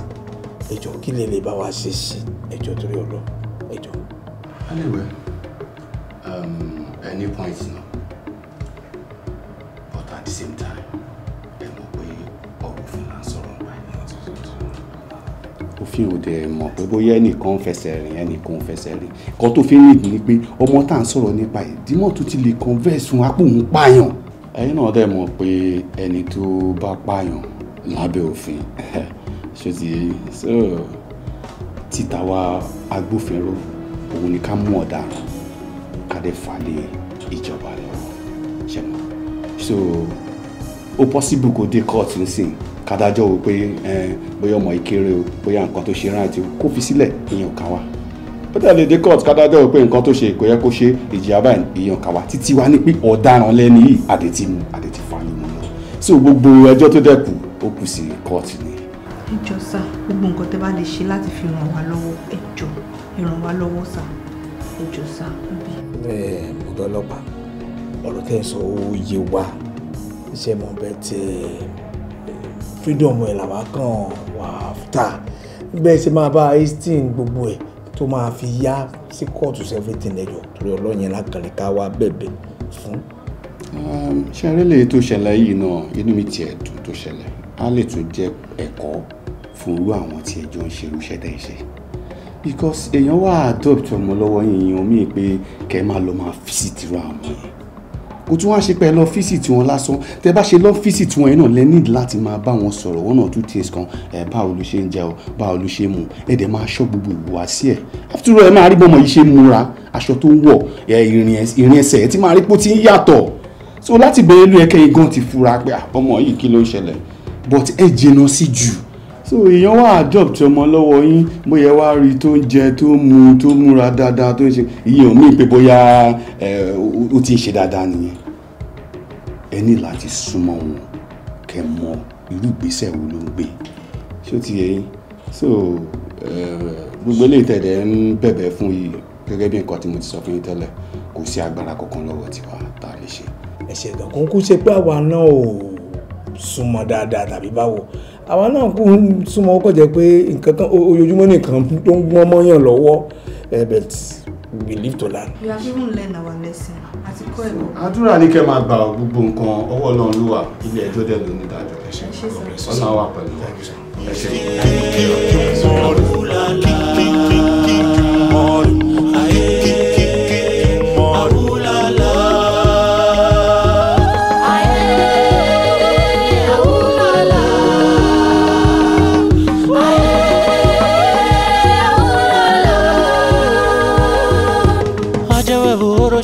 ẹjọ́ kí lè lè bá wa ṣe sí ẹjọ́ torí ọ̀rọ̀ ẹjọ́. anyway um, any point na but at the same time ẹ mọ̀ pé ọ̀rọ̀ fún la ń sọ̀rọ̀ nípa ẹni tuntun. òfin òde mọ̀ pé bóyá ẹnìkan fẹsẹ̀ rìn ẹnìkan fẹsẹ̀ rìn kan tó fi ń rìn ní pé ọmọ tá à ń sọ̀rọ̀ nípa ẹ̀ dímọ̀ tó ti lè converse fún apò òun pààyàn ẹ̀yin náà dẹ̀ mọ̀ pé ẹni tó bá pààyàn lábẹ́ òfin ṣe ti so títa wa agbófinró òun ni ká mú ọ̀daràn ká dẹ̀ ìjọba rẹ̀ ṣe mọ̀ so ó pọ́sibú kó dé kóòtù nísìn kádájọ́ wò pé bóyá ọmọ ìkéré o bóyá nǹkan tó ṣe rántí kó fi sílẹ̀ ìyẹn ò ká wa ó tẹ̀lé dé court kádájọ́ wípé nǹkan tó ṣe kò yẹ kó ṣe ìjìyà báyìí èèyàn kà wá títí wá ní pé ọ̀daràn lẹ́ni yìí àdètí mu àdètí fa ni mo lọ so gbogbo ẹjọ́ tó dẹ́kù ó kù sí court ni. ẹ jọ̀ọ́ sá gbogbo nǹkan tẹ́ bá lè ṣe láti fi ràn wá lọ́wọ́ ẹ jọ̀ọ́ ẹ ràn wá lọ́wọ́ sá ẹ jọ̀ọ́ sá. ẹ ọ̀dọ́ ọlọ́pàá ọ̀rọ̀ tẹ́ sọ ó wa iṣẹ́ mọ̀ bẹ́ẹ̀ tẹ eh, freedom ẹ̀ làwọn kan wà á ta bẹ́ẹ̀ ṣe máa bá easton gbogbo ẹ̀ tó máa fi yá sí kóòtù everything ẹjọ torí ọlọ́yìn lákàlẹ̀ ká wá bẹ̀bẹ̀ fún. Um, ṣé arẹ́lẹ̀ tó ṣẹlẹ̀ yìí náà inú mi tiẹ̀ dùn tó ṣẹlẹ̀ á lè tún jẹ́ ẹ̀kọ́ fún irú àwọn tí ẹjọ́ ń ṣe irúṣẹ́ dẹ́ ṣe because èèyàn wà adopt ọmọ lọ́wọ́ yìnyín omi pé kẹ́ máa lọ máa fi sí tìrọ àwọn yìí kò tún wá ṣe pẹ̀lú ọ́fíìsì tí wọ́n lásán tẹ bá ṣe lọ́fíìsì tí wọ́n yẹn náà lẹ́ need láti máa bá wọn sọ̀rọ̀ one or two things kan ẹ̀ báwo ló ṣe ń jẹ o báwo ló ṣe mu ẹ̀ dẹ̀ máa ṣọ́ gbogbo ìwà sí ẹ̀ after all ẹ̀ máa rí bọ́mọ yìí ṣe múra aṣọ tó ń wọ̀ ìrìn ẹsẹ̀ ẹ̀ ti máa rí pó ti ń yàtọ̀ so láti bẹ̀rẹ̀ lóyè kẹ́yìn gan ti fura pé ah, ọmọ yìí kí ló ń but ẹ jìnnà so èèyàn wá adopt ọmọ lọ́wọ́ yín bóyá wá rí tó ń jẹ tó ń mu tó ń múra dáadáa tó ń ṣe iye omi pé bóyá ó ti ń ṣe dáadáa nìyẹn ẹ ní láti súnmọ́ wọn kẹ́ mọ irú ìgbésẹ̀ wo ló ń gbé ṣó ti yẹ yín so gbogbo eléyìí tẹ̀lé ń bẹ̀bẹ̀ fún yìí gẹ́gẹ́ bí nǹkan tí mo ti sọ fún yín tẹ́lẹ̀ kò sí agbára kankan lọ́wọ́ tiwa tá a lè ṣe. ẹ̀ṣẹ̀ kankan kú ṣe pé àwa náà ò súnmọ́ dáadáa tàbí báwo àwa náà kú súnmọ́ kọ̀ jẹ́ pé nǹkan kan ojoojúmọ́ nìkan tó ń gbọ́n mọ́yàn lọ́wọ́ eh, but we to learn. we have even learned our lesson àti kọ́ ẹ̀rọ. àdúrà ní kẹ́ máa gba gbogbo nǹkan ọwọ́ náà ló wà ilé ẹjọ́ dẹ̀ ló ní ẹ̀ṣẹ̀ ọ̀nà wà pẹ̀lú ẹ̀ṣẹ̀. mọ̀lúlàlà mọ̀lú ayé.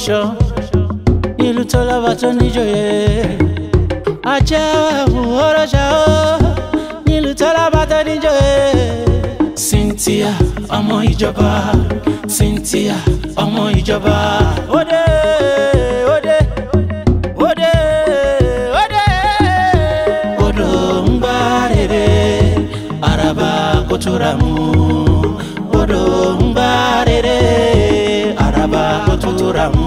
ṣọ ìlú tó lọ́ba tó níjòyè àjẹ́ ẹ̀bùn ọlọ́ṣà ó nílùú tó lọ́ba tó níjòyè. Cynthia ọmọ ìjọba Cynthia ọmọ ìjọba. ó dé. kotura mu odo mbarere araba kotura mu.